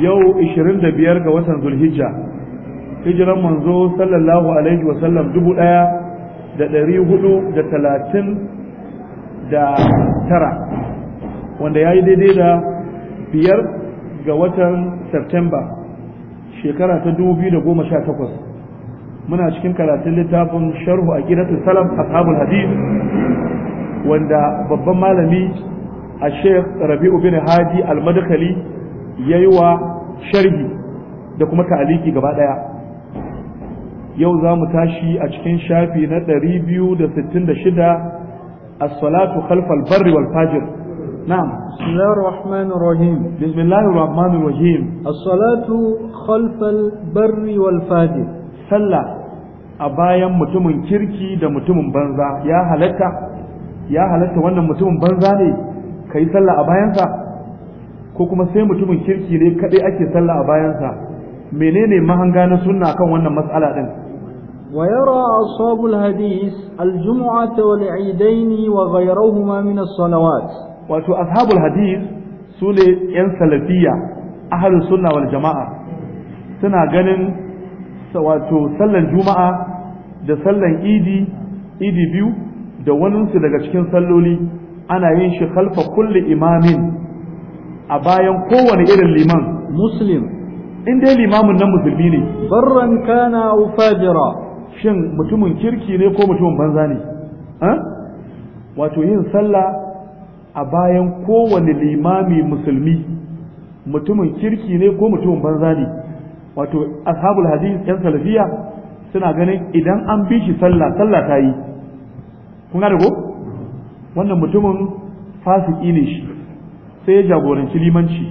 yau 25 ga watan zulhijja hijiran manzo sallallahu alaihi wa sallam dubu daya da dari hudu da talatin da tara wanda ya yi daidai da biyar ga watan september shekara ta dubu biyu da goma sha takwas muna cikin karatun littafin sharhu a gidan salam ashabul hadith wanda babban malami a sheikh rabi'u bin hadi al madakali yayi wa sharhi da kuma ta'aliki gaba ɗaya. yau za mu tashi a cikin shafi na 266 as-salatu khalfal barri wal fajr na'am bismillahir rahmanir rahim bismillahir rahmanir rahim as-salatu khalfal barri wal fajr sallah a bayan mutumin kirki da mutumin banza ya halatta ya halatta wannan mutumin banza ne kai sallah a bayansa ko kuma sai mutumin kirki ne kadai ake sallah a bayansa menene mahanga na sunna kan wannan matsala din ويرى أصحاب الحديث الجمعة والعيدين وغيرهما من Salawat. wato ashabul hadis sune yan salafiya ahalus sunna wal jama'a suna ganin wato sallan juma'a da sallan idi idi biyu da wani daga cikin salloli ana yin shi kalfa kulli imamin a bayan kowane irin liman muslim in dai limamin nan musulmi ne barran kana aw fajira shin mutumin kirki ne ko mutumin banza ne wato yin sallah a bayan kowane limami musulmi mutumin kirki ne ko mutumin banza ne wato ashabul hadith yan salafiya suna ganin idan an bi shi sallah sallah ta yi kun da ko wannan mutumin fasiki ne shi sai ya jagoranci limanci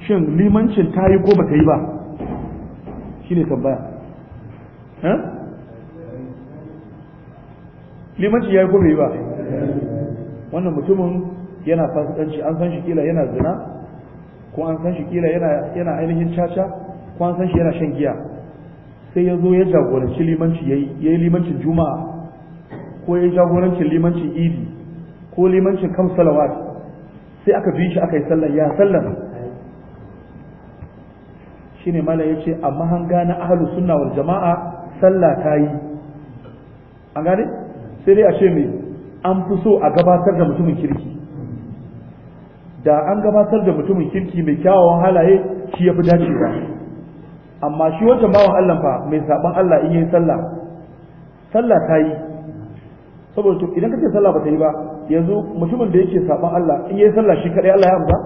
shin limancin ta yi ko ta yi ba shi ne tambaya eh? limanci ya yi ko bai yi ba wannan mutumin yana fasikanci an san shi kila yana zina ko an san shi kila yana ainihin caca ko an san shi yana shan giya sai ya zo ya jagoranci limanci ya yi limancin juma'a ko ya jagorancin limancin idi ko limancin kamsalawar. sai aka bi shi aka yi sallar ya sallar mala ya ce, amma hanga na ahlus sunna wal jama'a salla ta yi an gane sai dai a ce me an fi so a gabatar da mutumin kirki da an gabatar da mutumin kirki mai kyawawan halaye shi ya fi dacewa amma shi wancan bawan Allah fa mai saban Allah in yi sallah sallah ta yi saboda to idan kace sallah ba ta yi ba yanzu mutumin da yake saban Allah in yayi sallah shi kadai Allah ya amsa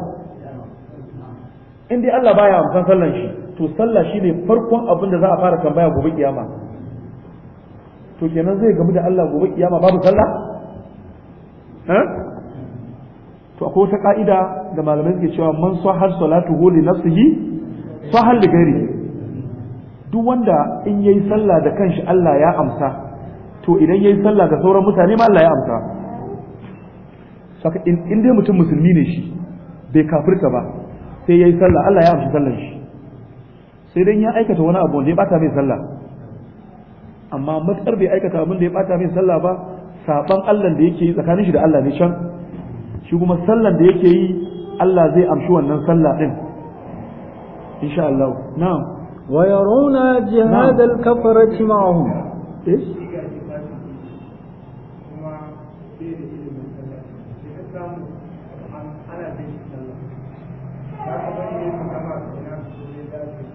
in Allah baya amsan sallan shi to sallah shi ne farkon abin da za a fara tambaya gobe kiyama to kenan zai gamu da Allah gobe kiyama babu sallah eh? to akwai wata ka'ida da malamai suke cewa man sahar hu li nafsihi sahal li ghairihi duk wanda in yayi sallah da kanshi Allah ya amsa to idan yayi sallah ga sauran mutane ma Allah ya amsa saka in dai mutum musulmi ne shi bai kafirta ba sai ya yi sallah Allah ya amshi sallar shi sai dan ya aikata wani abu wanda ya bata mai sallah amma matsar bai aikata abin da ya bata mai sallah ba saban Allah da yake yi tsakanin shi da Allah ne can shi kuma sallan da yake yi Allah zai amshi wannan sallah din insha Allah na'am wa yarawna jihad al-kafarati ma'ahum eh?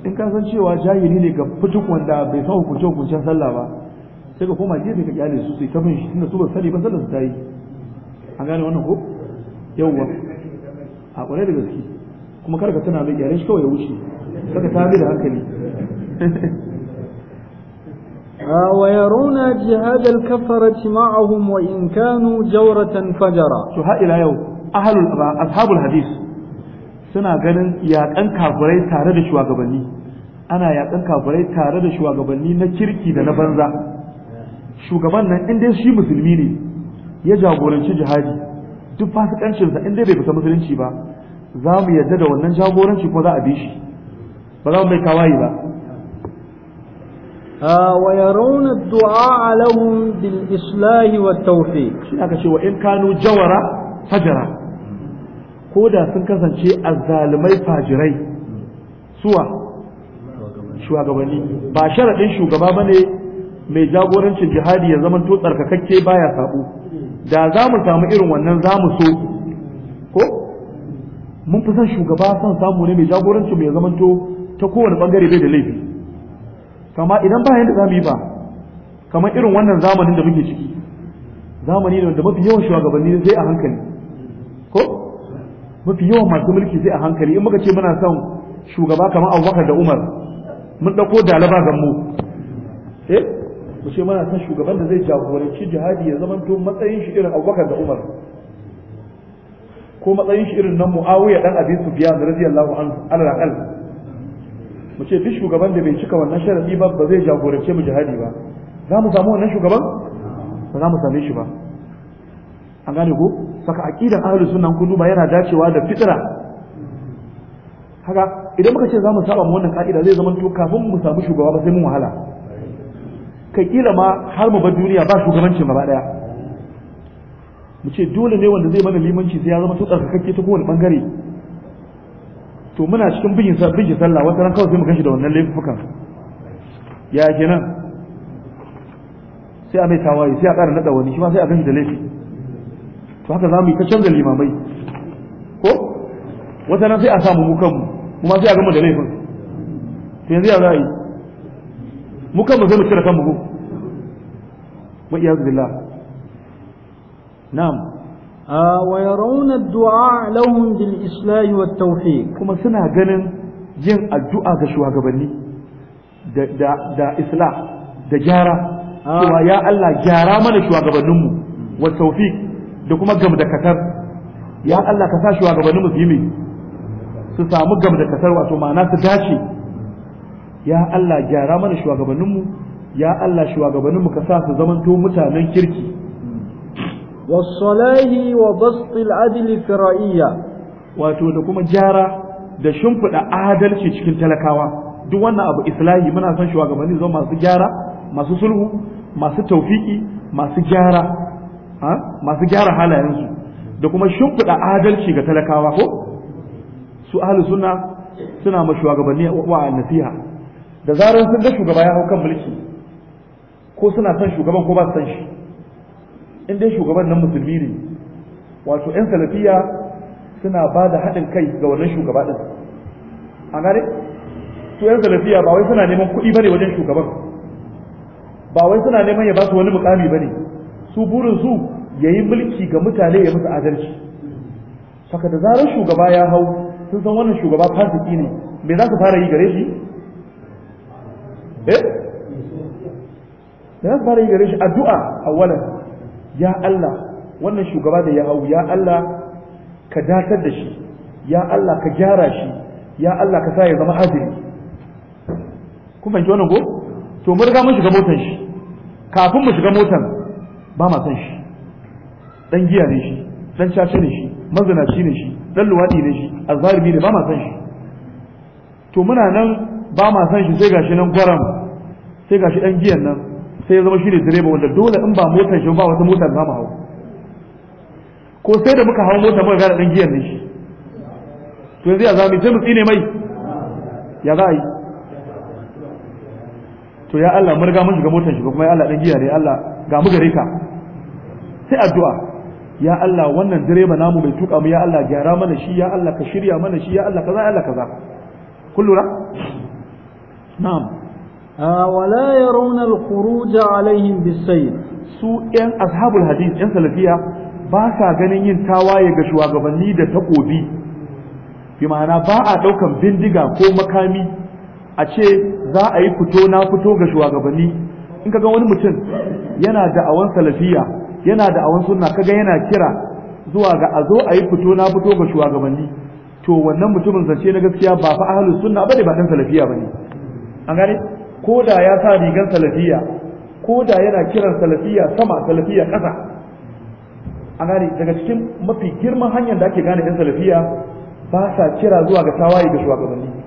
in ka san cewa jahili ne ga fituk wanda bai san hukunce hukuncen sallah ba sai ka koma gefe ka kyale su sai ta bin shi tunda su ba sani ba sallar su ta yi an gane wannan ko yawwa a kwarai da gaske kuma kar ka tana mai gyare shi kawai ya wuce saka ta bi da hankali ويرون جهاد الكفرة معهم وإن كانوا جورة فجرا شو ها إلى يوم أهل أصحاب الحديث suna ganin yaƙan kafirai tare da shugabanni ana yaƙan kafirai tare da shugabanni na kirki da na banza shugaban nan inda dai shi musulmi ne ya jagoranci jihadi duk fasikancinsa in dai bai fita musulunci ba za mu yarda da wannan jagoranci kuma za a bi shi ba za mu mai kawai ba ويرون الدعاء لهم بالإصلاح والتوفيق شنو هذا wa وإن كانوا جورا فجرا ko da sun kasance azzalumai fajirai suwa shugabanni ba sharaɗin shugaba ba ne mai jagorancin jihadi ya zama to tsarkakakke baya saɓo da za mu samu irin wannan za mu so ko mun fi son shugaba son samu ne mai jagorancin mai zama to ta kowane bangare bai da laifi kama idan ba yadda za mu yi ba kamar irin wannan zamanin da muke ciki zamani ne da mafi yawan shugabanni zai a hankali mafi yawan masu mulki sai a hankali in muka ce muna son shugaba kamar abubakar da umar mun ɗauko dalaba ga mu eh mu ce muna son shugaban da zai jagoranci jihadi ya zama to matsayin shi irin abubakar da umar ko matsayin shi irin nan muawiya dan abi sufyan radiyallahu anhu alal aqal mu ce duk shugaban da bai cika wannan sharadi ba ba zai jagorance mu jihadi ba za mu samu wannan shugaban ba za mu same shi ba an gane ko saka aqidar ahlus sunnah kullu ba yana dacewa da fitra haka idan muka ce za mu saba wannan ka'ida zai zama to kafin mu samu shugaba ba sai mun wahala kai kila ma har mu bar duniya ba shugabanci ba daya mu ce dole ne wanda zai mana limanci sai ya zama to tsarkakakke ta kowane bangare to muna cikin sa bugin sallah wata ran kawai sai mu gashi da wannan laifukan ya kenan sai a mai tawaye sai a ƙara nada wani shi ma sai a gashi da laifi to haka za mu yi ta canza limamai ko wata nan sai a samu mu kanmu kuma sai a gama da laifin to yanzu ya za a yi mu kanmu sai mu cire kanmu ko wa iyazu na'am ويرون الدعاء لهم بالإصلاح والتوحيد كما سنة جنن جن الدعاء ذا شو هجبني دا دا da إصلاح da gyara, آه. ya Allah gyara mana shugabanninmu هجبنمو والتوفيق da kuma gamdakatar ya Allah ka sa gabanin musulmi su samu gamdakatar wato ma'ana su dace ya Allah gyara mana shugabanninmu ya Allah shugabanninmu ka sa su zamanto mutanen kirki wasalahi wa bastil adli fi wato da kuma gyara da shimfiɗa adalci cikin talakawa duk wannan abu islahi muna son shugabanni zama masu gyara masu sulhu masu taufiki masu gyara masu gyara halayensu da kuma shimfiɗa adalci ga talakawa ko su ahli sunna suna ma shugabanni wa nasiha da zarar sun ga shugaba ya hau kan mulki ko suna son shugaban ko ba su san shi in dai shugaban nan musulmi ne wato yan salafiya suna ba da haɗin kai ga wannan shugaba ɗin a gane su yan salafiya ba wai suna neman kuɗi bane wajen shugaban ba wai suna neman ya ba su wani mukami bane su burin su yi mulki ga mutane ya musu adalci saka da zarar shugaba ya hau sun san wannan shugaba fasiki ne me za su fara yi gare shi eh me za su fara yi gare shi addu'a awwalan ya Allah wannan shugaba da ya hau ya Allah ka datar da shi ya Allah ka gyara shi ya Allah ka sa ya zama adili kun fahimci wannan ko to mun riga mun shiga motan shi kafin mu shiga motan. ba ma san shi dan giya ne shi dan caca ne shi mazinaci ne shi dan luwaɗi ne shi azzalimi ne ba ma san shi to muna nan ba ma san shi sai gashi nan gwaram sai gashi dan giyan nan sai ya zama shi ne direba wanda dole in ba motar shi ba wata motar za mu hau ko sai da muka hau motar muka gane dan giyan ne shi to yanzu ya mai, sai mu tsine mai ya za a yi to ya Allah mun riga mun shiga motar shiga kuma ya Allah dan giya ne Allah ga mu gare ka sai addu'a ya Allah wannan direba namu mai tuka mu ya Allah gyara mana shi ya Allah ka shirya mana shi ya Allah kaza ya Allah kaza kun lura na'am wala yarawna al-khuruj alaihim bis-sayf su yan ashabul hadith yan salafiya ba sa ganin yin tawaye ga shugabanni da takobi bi ma'ana ba a ɗaukan bindiga ko makami a ce za a yi fito na fito ga shugabanni in kaga wani mutum yana da awon salafiya yana da da'awan sunna kaga yana kira zuwa ga a zo a yi fito na fito ga shugabanni to wannan mutumin zance na gaskiya ba fa ahlus sunna bane ba dan salafiya bane an gane ko da ya sa rigan salafiya ko da yana kiran salafiya sama salafiya ƙasa an gane daga cikin mafi girman hanyar da ake gane ɗan salafiya ba sa kira zuwa ga tawaye ga shugabanni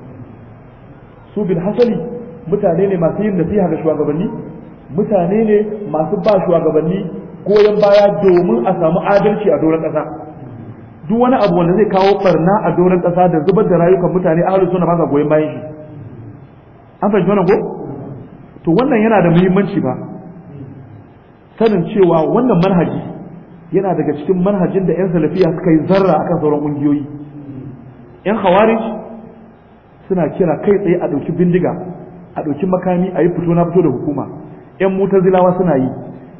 su bil hasali mutane ne masu yin nasiha ga shugabanni mutane ne masu ba shugabanni goyon baya domin a samu adalci a doron ƙasa duk wani abu wanda zai kawo barna a doron ƙasa da zubar da rayukan mutane halin sunna ba sa goyon bayan shi an fahimci wannan ko to wannan yana da muhimmanci ba sanin cewa wannan manhaji yana daga cikin manhajin da 'yan salafiya suka yi zarra akan sauran ƙungiyoyi 'yan khawarij suna kira kai tsaye a ɗauki bindiga a ɗauki makami a yi fito na fito da hukuma yan zilawa suna yi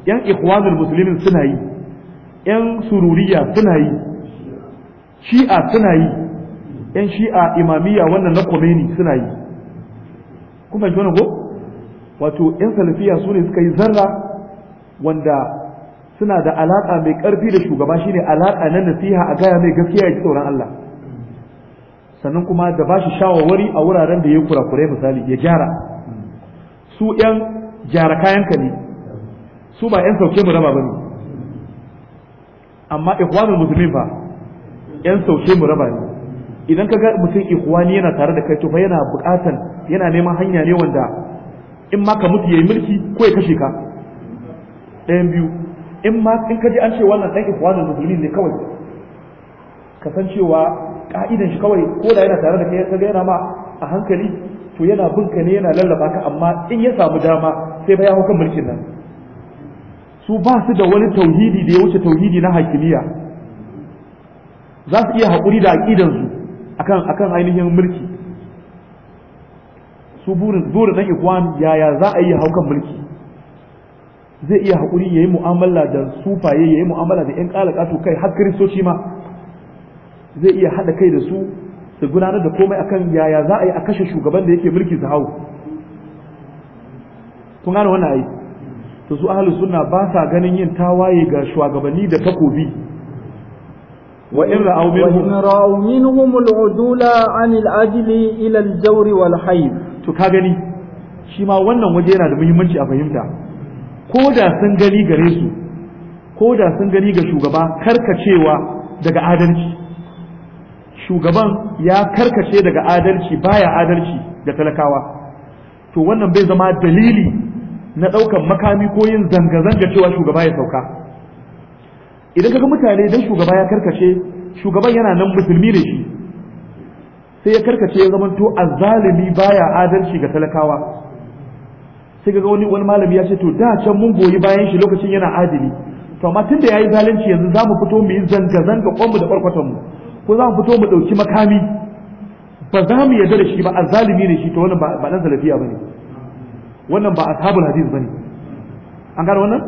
yan ikhwanul musulmin suna yi yan sururiya suna yi shi'a suna yi yan shi'a imamiya wannan na komeni suna yi kuma shi wani ko wato yan salafiya su ne suka yi zarra wanda suna da alaƙa mai ƙarfi da shugaba shine alaƙa na nasiha a gaya mai gaskiya ya ji tsoron Allah sannan kuma da ba shi shawarwari a wuraren da ya yi kurakurai misali ya gyara su yan gyara ka ne su ba yan sauke mu raba ne, amma ikhwanul Musulmin ba yan sauke mu raba ne idan ka ga mutum ikhwani yana tare da kai to fa yana buƙatan yana neman hanya ne wanda in ma ka mutu yayi mulki ko ya kashe ka ɗayan biyu in ma in ka ji an ce wannan ɗan ikhwanul musulmin ne kawai cewa. ka'idan shi kawai ko da yana tare da kai kaga yana ma a hankali to yana bunka ne yana lallaba ka amma in ya samu dama sai bai hau mulkin nan su ba su da wani tauhidi da ya wuce tauhidi na hakimiyya za su iya haƙuri da aƙidan su akan akan ainihin mulki su burin dole dan ikwan yaya za a yi hau kan mulki zai iya haƙuri ya yi mu'amala da sufaye ya yi mu'amala da 'yan ƙalaƙa to kai har kiristoci ma zai iya haɗa kai da su su gudanar da komai akan yaya za a yi a kashe shugaban da yake mulki su hau kun gane wannan ai to su ahlus sunna ba sa ganin yin tawaye ga shugabanni da takobi wa in ra'aw minhum ra'aw minhum al'udula an al'ajli ila al-jawr wal hayd to ka gani shi ma wannan waje yana da muhimmanci a fahimta ko da sun gani gare su ko da sun gani ga shugaba karkacewa daga adalci shugaban ya karkace daga adalci baya adalci da talakawa to wannan bai zama dalili na ɗaukan makami ko yin zanga-zanga cewa shugaba ya sauka idan kaga mutane dan shugaba ya karkace shugaban yana nan musulmi ne shi sai ya karkace ya zama to azzalimi baya adalci ga talakawa sai kaga wani wani malami ya ce to da can mun goyi bayan shi lokacin yana adili to amma tunda yayi zalunci yanzu zamu fito mu yi zanga-zanga kwanmu da kwarkwatan mu ko za mu fito mu ɗauki makami ba za mu yarda da shi ba azalimi ne shi to wannan ba ɗan salafiya ba ne wannan ba ashabul hadis ba ne an gane wannan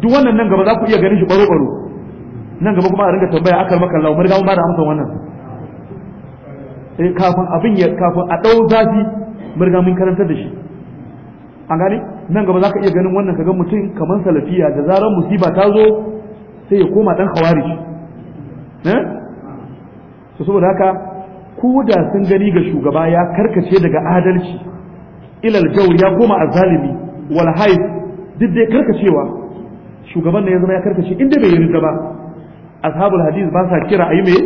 duk wannan nan gaba za ku iya ganin shi baro baro nan gaba kuma a ringa tambaya akal maka lawo mun mun ba da amsa wannan eh, kafin abin ya kafin a dau zafi mun mun karantar da shi an gane nan gaba za ka iya ganin wannan kaga mutum kamar salafiya da zarar musiba ta zo sai ya koma dan khawarij eh to saboda haka ko da sun gani ga shugaba ya karkace daga adalci ilal jawr ya koma azalimi wal haif duk dai karkacewa shugaban ne ya zama ya karkace inda bai yarda ba ashabul hadith ba sa kira ayi me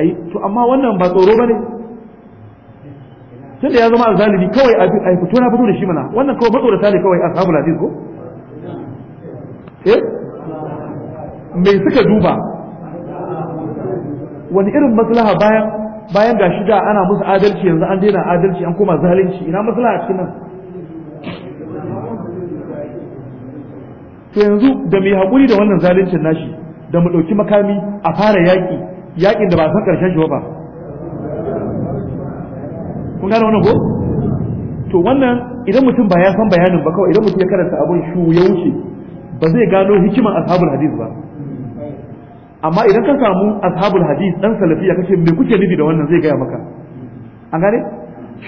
ai to amma wannan ba tsoro bane tunda ya zama azalimi kawai a fito na fito da shi mana wannan kawai ta ne kawai ashabul hadith ko eh me suka duba wani irin maslaha bayan bayan ga shida ana musu adalci yanzu an daina adalci an koma zalunci ina maslaha cikin nan to yanzu da mai hakuri da wannan zaluncin nashi da mu ɗauki makami a fara yaƙi yaƙin da ba san ƙarshen shi ba kun gane wannan ko to wannan idan mutum ba ya san bayanin ba kawai idan mutum ya karanta abin shu ya wuce ba zai gano hikiman ashabul hadith ba amma idan ka samu ashabul hadis dan salafiya kace me kuke nufi da wannan zai gaya maka an gane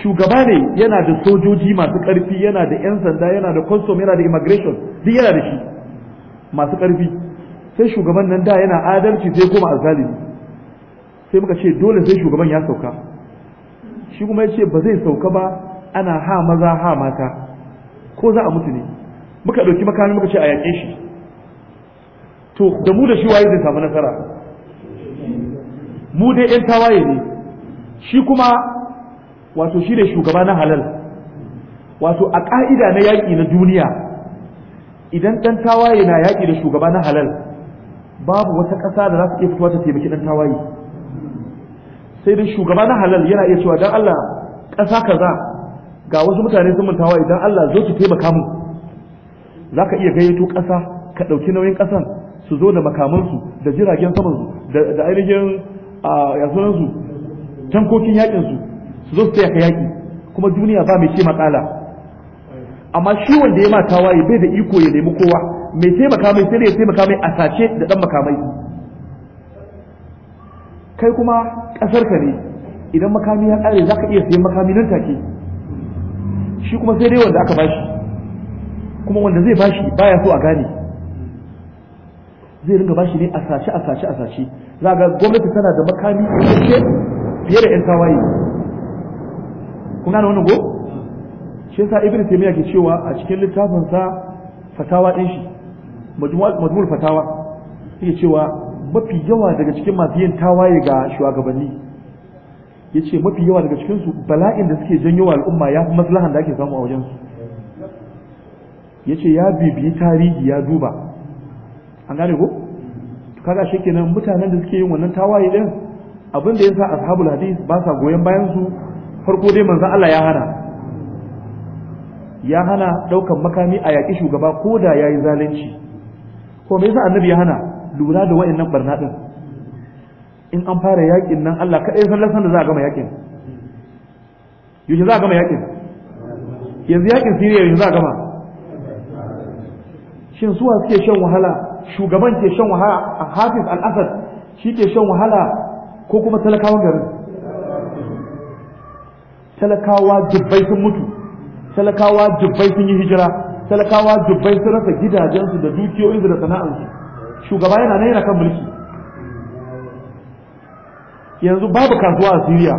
shugaba ne yana da sojoji masu karfi yana da yan sanda yana da custom yana da immigration duk yana da shi masu karfi sai shugaban nan da yana adalci sai koma azali sai muka ce dole sai shugaban ya sauka shi kuma ya ce ba zai sauka ba ana ha maza ha mata ko za a mutu ne muka ɗauki makami muka ce a yaƙe shi to da mu da shi waye zai samu nasara mu dai yan tawaye ne shi kuma wato shi ne shugaba na halal wato a ƙa'ida na yaƙi na duniya idan ɗan tawaye na yaƙi da shugaba na halal babu wata ƙasa da za su iya fitowa ta taimaki ɗan tawaye sai dai shugaba na halal yana iya cewa don Allah ƙasa kaza ga wasu mutane sun mun tawaye don Allah zo ki taimaka mu za ka iya gayyato ƙasa ka ɗauki nauyin ƙasan su zo da makamansu da jiragen samansu da ainihin yasunansu tankokin yakinsu su zo su tsaye ka yaki kuma duniya ba mai ce matsala amma shi wanda ya mata waye bai da iko ya nemi kowa mai sai makamai sai ne ya taimaka makamai a sace da dan makamai kai kuma kasar ka ne idan makami ya kare zaka iya sayan makami nan take shi kuma sai dai wanda aka bashi kuma wanda zai bashi baya so a gane zai ringa bashi ne a sace a sace a sace za ga gwamnati tana da makami ce fiye da 'yan tawaye Kuna gane wannan go shi yasa ibn taymiya ke cewa a cikin littafin sa fatawa din shi majmul fatawa yake cewa mafi yawa daga cikin masu yin tawaye ga shugabanni yace mafi yawa daga cikin su bala'in da suke janyo al'umma ya fi maslahan da ake samu a wajen su yace ya bibiyi tarihi ya duba an gane ko kaga kenan mutanen da suke yin wannan tawaye din abin da yasa ashabul hadis ba sa goyen bayan su farko dai manzo Allah ya hana ya hana daukan makami a yaƙi shugaba ko da yayi zalunci ko me yasa annabi ya hana lura da wayannan barna din in an fara yakin nan Allah kaɗai san lasan da za a gama yakin. yaushe za a gama yakin yanzu yakin Siriya yanzu za a gama shin suwa suke shan wahala shugaban ke shan wahala a hafiz al-asad shi ke shan wahala ko kuma talakawa garin talakawa dubbai sun mutu talakawa dubbai sun yi hijira talakawa dubbai sun rasa gidajensu da dukiyoyinsu da sana'arsu shugaba yana nan yana kan mulki yanzu babu kasuwa a siriya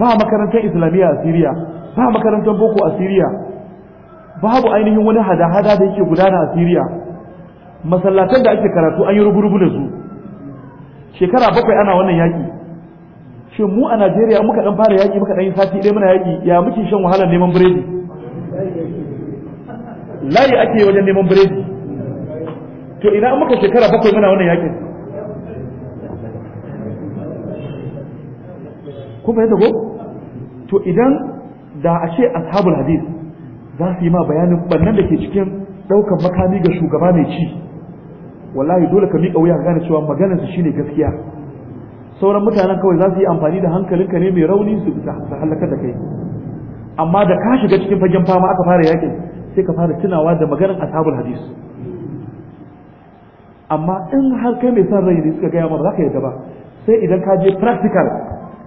ba makarantar islamiyya a siriya ba makarantar boko a siriya babu ainihin wani hada-hada da yake gudana a siriya masallatan da ake karatu an yi rubu-rubu da su shekara bakwai ana wannan yaƙi shi mu a najeriya muka dan fara yaƙi muka dan yi sati ɗaya muna yaƙi ya muke shan wahalar neman biredi layi ake yi wajen neman biredi to ina muka shekara bakwai muna wannan yaƙin ko fahimta ko to idan da a ce ashabul hadith za su yi ma bayanin bannan da ke cikin ɗaukar makami ga shugaba mai ci wallahi dole ka miƙa wuya ka gane cewa maganar su shine gaskiya sauran mutanen kawai za su yi amfani da hankalinka ne mai rauni su halakar da kai amma da ka shiga cikin fagen fama aka fara yakin sai ka fara tunawa da maganar ashabul hadis amma in har kai mai son rai ne suka gaya mana za ka yarda ba sai idan ka je practical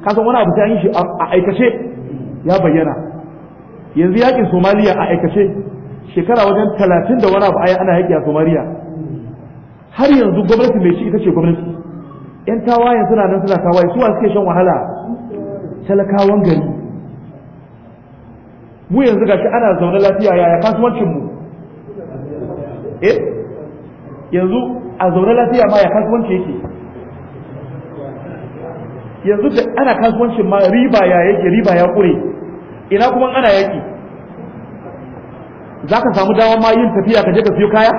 ka san wani abu sai an yi shi a aikace ya bayyana yanzu yakin somaliya a aikace shekara wajen talatin da wani abu ana yaki a somaliya har yanzu gwamnati mai ci ita ce gwamnati yan tawayen suna nan suna tawaye su suke shan wahala talakawan gari mu yanzu gashi ana zaune lafiya yaya kasuwancin mu eh yanzu a zaune lafiya ma ya kasuwanci yake yanzu da ana kasuwancin ma riba ya yake riba ya kure ina kuma ana yaki za ka samu dawon ma yin tafiya ka je ka siyo kaya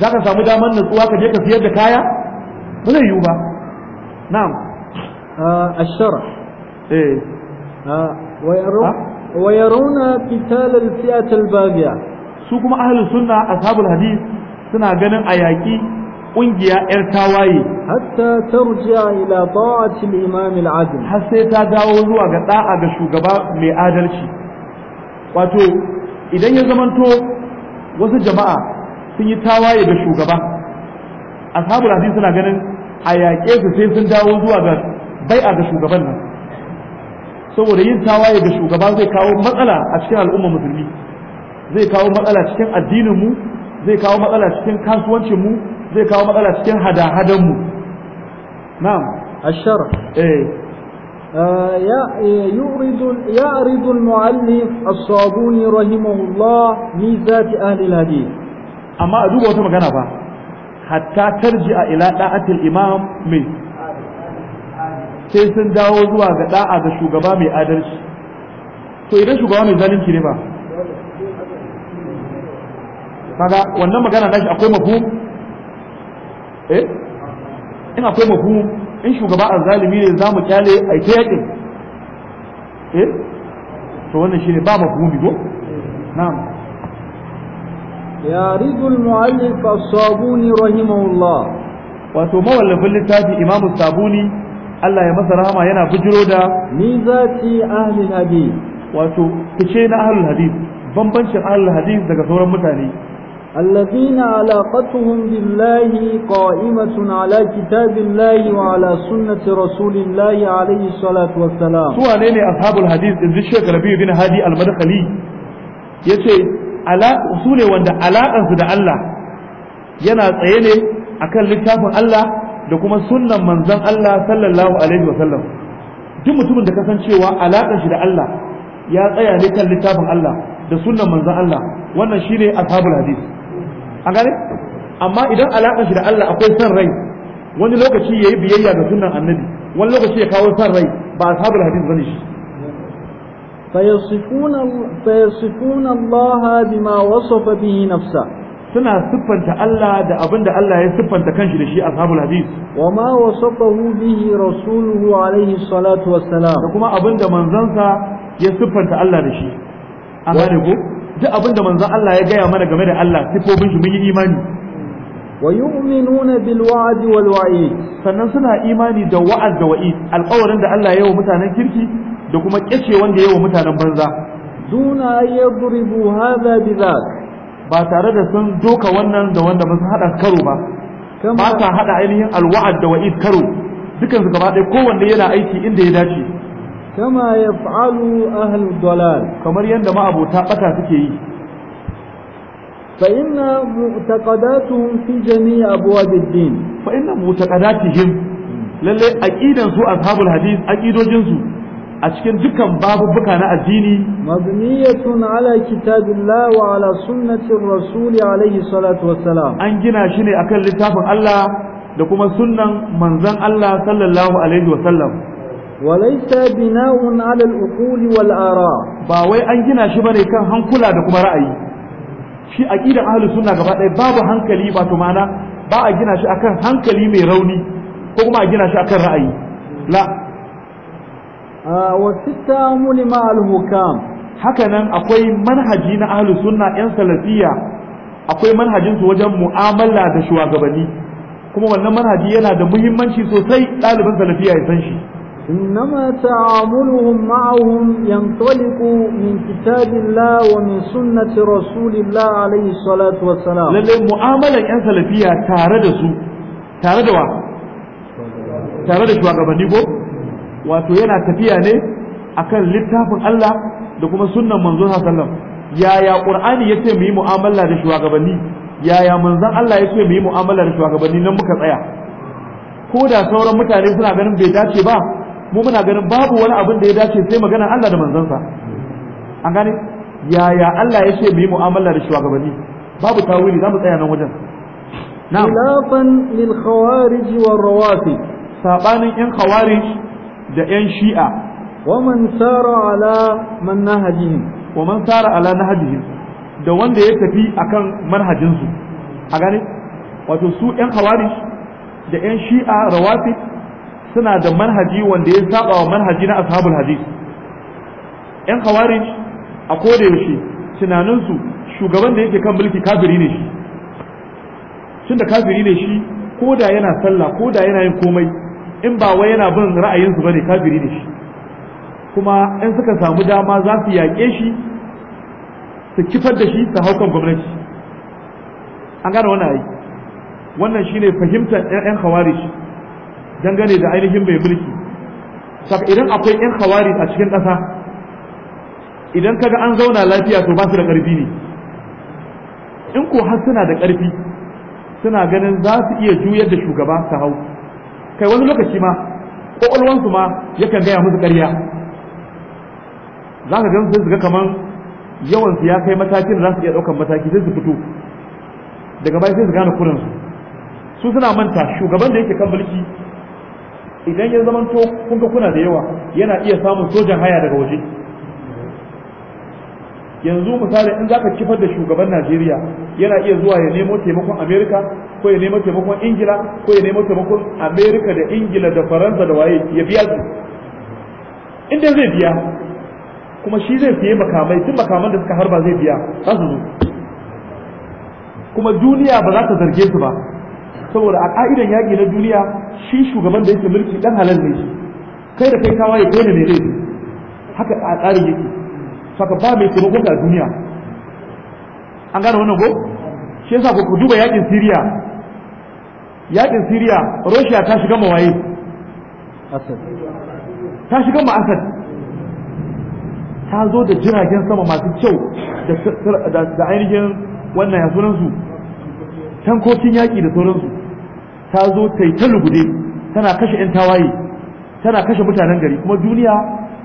za ka samu damar nutsuwa ka je ka siyar da kaya ba zai yiwu ba na'am ashara ah, eh ah, wa yarawna ah? qital al fi'at al baghiya su kuma ahlus sunna ashabul hadith suna ganin a yaƙi ƙungiya ‘yar tawaye. Hatta tarji'a ila al imam al adl Har sai ta dawo zuwa ga da'a ga shugaba mai adalci. Wato idan ya zamanto wasu jama'a sun yi tawaye da shugaba ashabul hadisi suna ganin a yaƙe su sai sun dawo zuwa ga bai'a ga shugaban nan saboda yin tawaye da shugaba zai kawo matsala a cikin al'umma musulmi zai kawo matsala cikin addinin mu zai kawo matsala cikin kasuwancin mu zai kawo matsala cikin hada-hadan mu na'am ashar eh يعرض يعرض المؤلف الصابوني رحمه الله ميزات أهل الحديث amma a duba wata magana ba hatta tarji a ila da'atul imam mai sai sun dawo zuwa ga da'a ga shugaba mai adalci to idan shugaba mai zalunci ne ba kaga wannan magana nashi akwai mafhum eh in akwai mafhum in shugaba azzalimi ne za mu kyale ai ta yakin eh to wannan shine ba mafhumi ko na'am يارد المؤلف الصابوني رحمه الله wato mawallafin littafi imam sabuni Allah ya masa rahama yana bujiro da mizati ahli hadith wato kice na ahli hadith bambancin ahli hadith daga sauran mutane الذين علاقتهم بالله قائمة على كتاب الله وعلى سنة رسول الله عليه الصلاة والسلام سوى لين أصحاب الحديث إذ الشيخ ربيع بن هادي المدخلي يتي su ne wanda alaƙarsu da Allah yana tsaye ne akan littafin Allah da kuma sunnan manzon Allah sallallahu alaihi wa sallam duk mutumin da kasancewa alaƙar shi da Allah ya tsaya ne kan littafin Allah da sunnan manzon Allah wannan shine ashabul hadis an gane amma idan alaƙar shi da Allah akwai san rai wani lokaci yi biyayya ga sunnan annabi wani lokaci ya kawo san rai ba a ashabul hadis bane shi فيصفون فيصفون الله بما وصف به نفسه suna siffanta Allah da abin Allah ya siffanta kanshi da shi ashabul hadis wa ma wasafahu bihi rasuluhu alaihi salatu wassalam da kuma abin da ya siffanta Allah da shi an ko duk abin da Allah ya gaya mana game da Allah sifofin shi mun yi imani wa yu'minuna bil wa'd wal wa'id sannan suna imani da wa'az da wa'id alƙawarin da Allah ya yi wa mutanen kirki da kuma kyace wanda yawa mutanen banza duna yadribu hadha bidhak ba tare da sun doka wannan da wanda ba su hada karo ba ba ta hada ainihin alwa'ad da wa'id karo dukan su gaba ɗaya kowanne yana aiki inda ya dace kama yaf'alu ahlud dalal kamar yanda ma abota bata suke yi فإن معتقداتهم في جميع أبواب الدين فإن معتقداتهم للي أكيدا أصحاب الحديث أكيد جنسو a cikin dukan babubuka na addini mabniyatun ala kitabillah wa ala sunnatir rasul alaihi salatu wassalam an gina shi ne akan littafin Allah da kuma sunnan manzon Allah sallallahu alaihi wasallam walaysa bina'un ala al-uqul wal ara ba wai an gina shi bane kan hankula da kuma ra'ayi shi aqidar ahlus sunna gaba ɗaya babu hankali ba to mana ba a gina shi akan hankali mai rauni ko kuma a gina shi akan ra'ayi la wasittamu lima al-hukam hakanan akwai manhaji na ahlu sunna yan salafiyya akwai manhajin su wajen mu'amala da shugabanni kuma wannan manhaji yana da muhimmanci sosai daliban salafiya ya san shi innama ta'amuluhum ma'ahum yantaliqu min kitabillah wa min sunnati rasulillah alayhi salatu wa salam lalle mu'amalan yan salafiyya tare da su tare da wa tare da shugabanni ko wato yana tafiya ne akan littafin Allah da kuma sunnan manzon sallam yaya qur'ani yace mu yi mu'amala da shugabanni yaya manzon Allah yace mu yi mu'amala da shugabanni nan muka tsaya ko da sauran mutane suna ganin bai dace ba mu muna ganin babu wani abin da ya dace sai magana Allah da manzansa an gane yaya Allah ya ce mu yi mu'amala da shugabanni babu tawili zamu mu tsaya nan wajen na'am khilafan lil khawarij war sabanin yan khawarij da yan shi'a wa man sara ala man nahajihim wa man sara ala da wanda ya tafi akan manhajin a gane wato su yan khawarij da yan shi'a rawafid suna da manhaji wanda ya saba wa manhaji na ashabul hadith yan khawarij a koda yaushe tunanin su shugaban da yake kan mulki kafiri ne shi tunda kafiri ne shi koda yana sallah koda yana yin komai in ba wai yana bin ra'ayinsu bane kafiri ne shi kuma in suka samu dama za su yaƙe shi su kifar da shi su haukan gwamnati an gane wannan ayi wannan shine fahimtar ɗan khawarij dangane da ainihin mai mulki saka idan akwai ɗan khawarij a cikin ƙasa idan kaga an zauna lafiya to ba su da ƙarfi ne in ko har suna da ƙarfi suna ganin za su iya juyar da shugaba su hau kai wani lokaci ma ƙwaƙwalwansu ma yakan gaya musu ƙarya za ka gan su ga kaman yawansu ya kai matakin za su iya ɗaukan mataki sai su fito daga baya sai su gane kuransu su suna manta shugaban da yake kan mulki idan ya zamanto kun kuna da yawa yana iya samun sojan haya daga waje yanzu misali in zaka kifar da shugaban Najeriya yana iya zuwa ya nemo taimakon Amerika ko ya nemo taimakon Ingila ko ya nemo taimakon Amerika da Ingila da Faransa da waye ya biya su inda zai biya kuma shi zai fiye makamai tun makaman da suka harba zai biya za su zo kuma duniya ba za ta zarge su ba saboda a ka'idan yaƙi na duniya shi shugaban da yake mulki dan halal ne shi kai da kai kawai kai ne ne haka a tsarin yake saka ba mai taimakon ka a duniya an gane wannan ko shi yasa ku duba yakin Siriya yakin Siriya Russia ta shiga mawaye ta shiga ma ta zo da jiragen sama masu kyau da ainihin wannan ya sunansu tankokin yaƙi da sauransu ta zo ta yi ta tana kashe 'yan tawaye tana kashe mutanen gari kuma duniya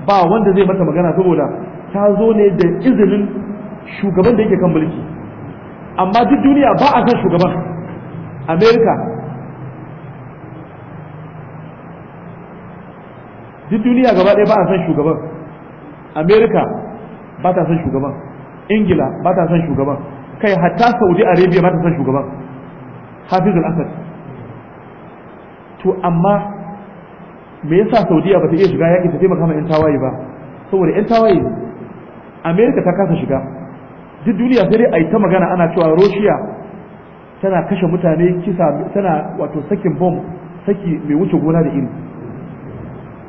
ba wanda zai mata magana saboda ta zo ne da izinin shugaban da yake kan mulki amma duk duniya ba a san shugaban Amerika duk duniya gaba ɗaya ba a san shugaban Amerika ba ta san shugaban ingila ba ta san shugaban kai hatta saudi arabia ba ta san shugaban al asad to amma me yasa saudiya ba ta iya shiga yaƙi ta taimaka ma 'yan tawaye ba saboda 'yan tawaye Amerika ta kasa shiga duk duniya sai dai a yi ta magana ana cewa russia tana kashe mutane kisa tana wato sakin bom saki mai wuce gona da iri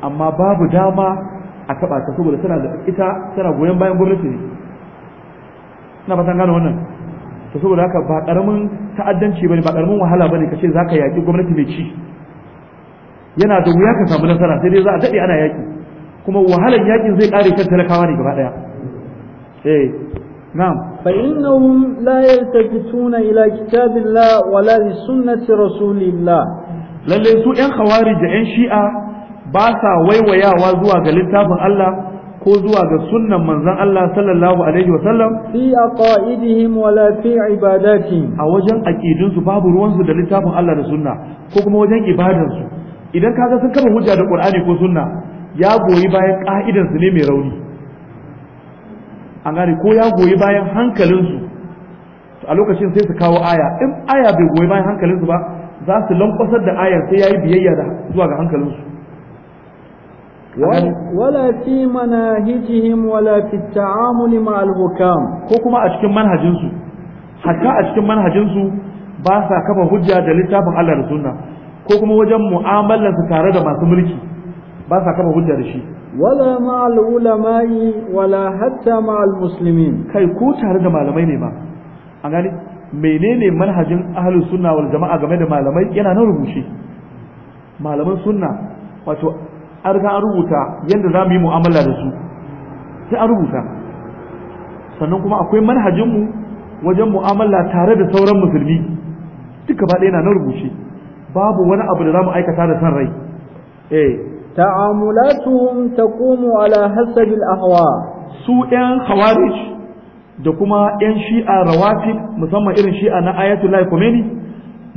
amma babu dama a taba ta saboda tana da ita tana goyon bayan gwamnati ne ina san gane wannan to saboda haka ba karamin ta'addanci bane ba karamin wahala bane kace zaka yaki gwamnati mai ci yana da wuya ka samu nasara sai dai za a dade ana yaki kuma wahalan yakin zai kare kan talakawa ne gaba daya eh نعم فإنهم لا يلتفتون إلى كتاب الله su لسنة رسول الله للي سوء إن خوارج إن شيئا باسا ويويا وزوا لتاب الله ko zuwa ga sunnan manzon Allah sallallahu alaihi wa sallam fi aqaidihim wala fi ibadatihim a wajen aqidun babu ruwansu da littafin Allah da sunna ko kuma wajen ibadan su idan kaga sun kafa hujja da Qur'ani ko sunna ya goyi bayan ƙa'idansu ne mai rauni an gane ko ya goyi bayan hankalinsu a lokacin sai su kawo aya in aya bai goyi bayan hankalinsu ba za su lankwasar da ayar sai ya yi biyayya da zuwa ga hankalinsu wala fi manahijihim wala fi ta'amuli al hukam ko kuma a cikin manhajinsu hatta a cikin manhajinsu ba sa kafa hujja da littafin Allah da sunna ko kuma wajen mu'amalarsu tare da masu mulki ba sa kafa hujja da shi wala مع العلماء wala hatta مع المسلمين kai ko tare da malamai ne ba an gane menene manhajin ahlus sunna wal jama'a game da malamai yana nan rubuce malaman sunna wato an ga an rubuta yadda za mu yi mu'amala da su sai an rubuta sannan kuma akwai manhajinmu wajen mu'amala tare da sauran musulmi duka ba ɗaya na rubuce babu wani abu da za mu aikata da san rai eh ta'amulatuhum taqumu ala hasab al-ahwa su ɗan khawarij da kuma ɗan shi'a rawatib musamman irin shi'a na ayatullahi khomeini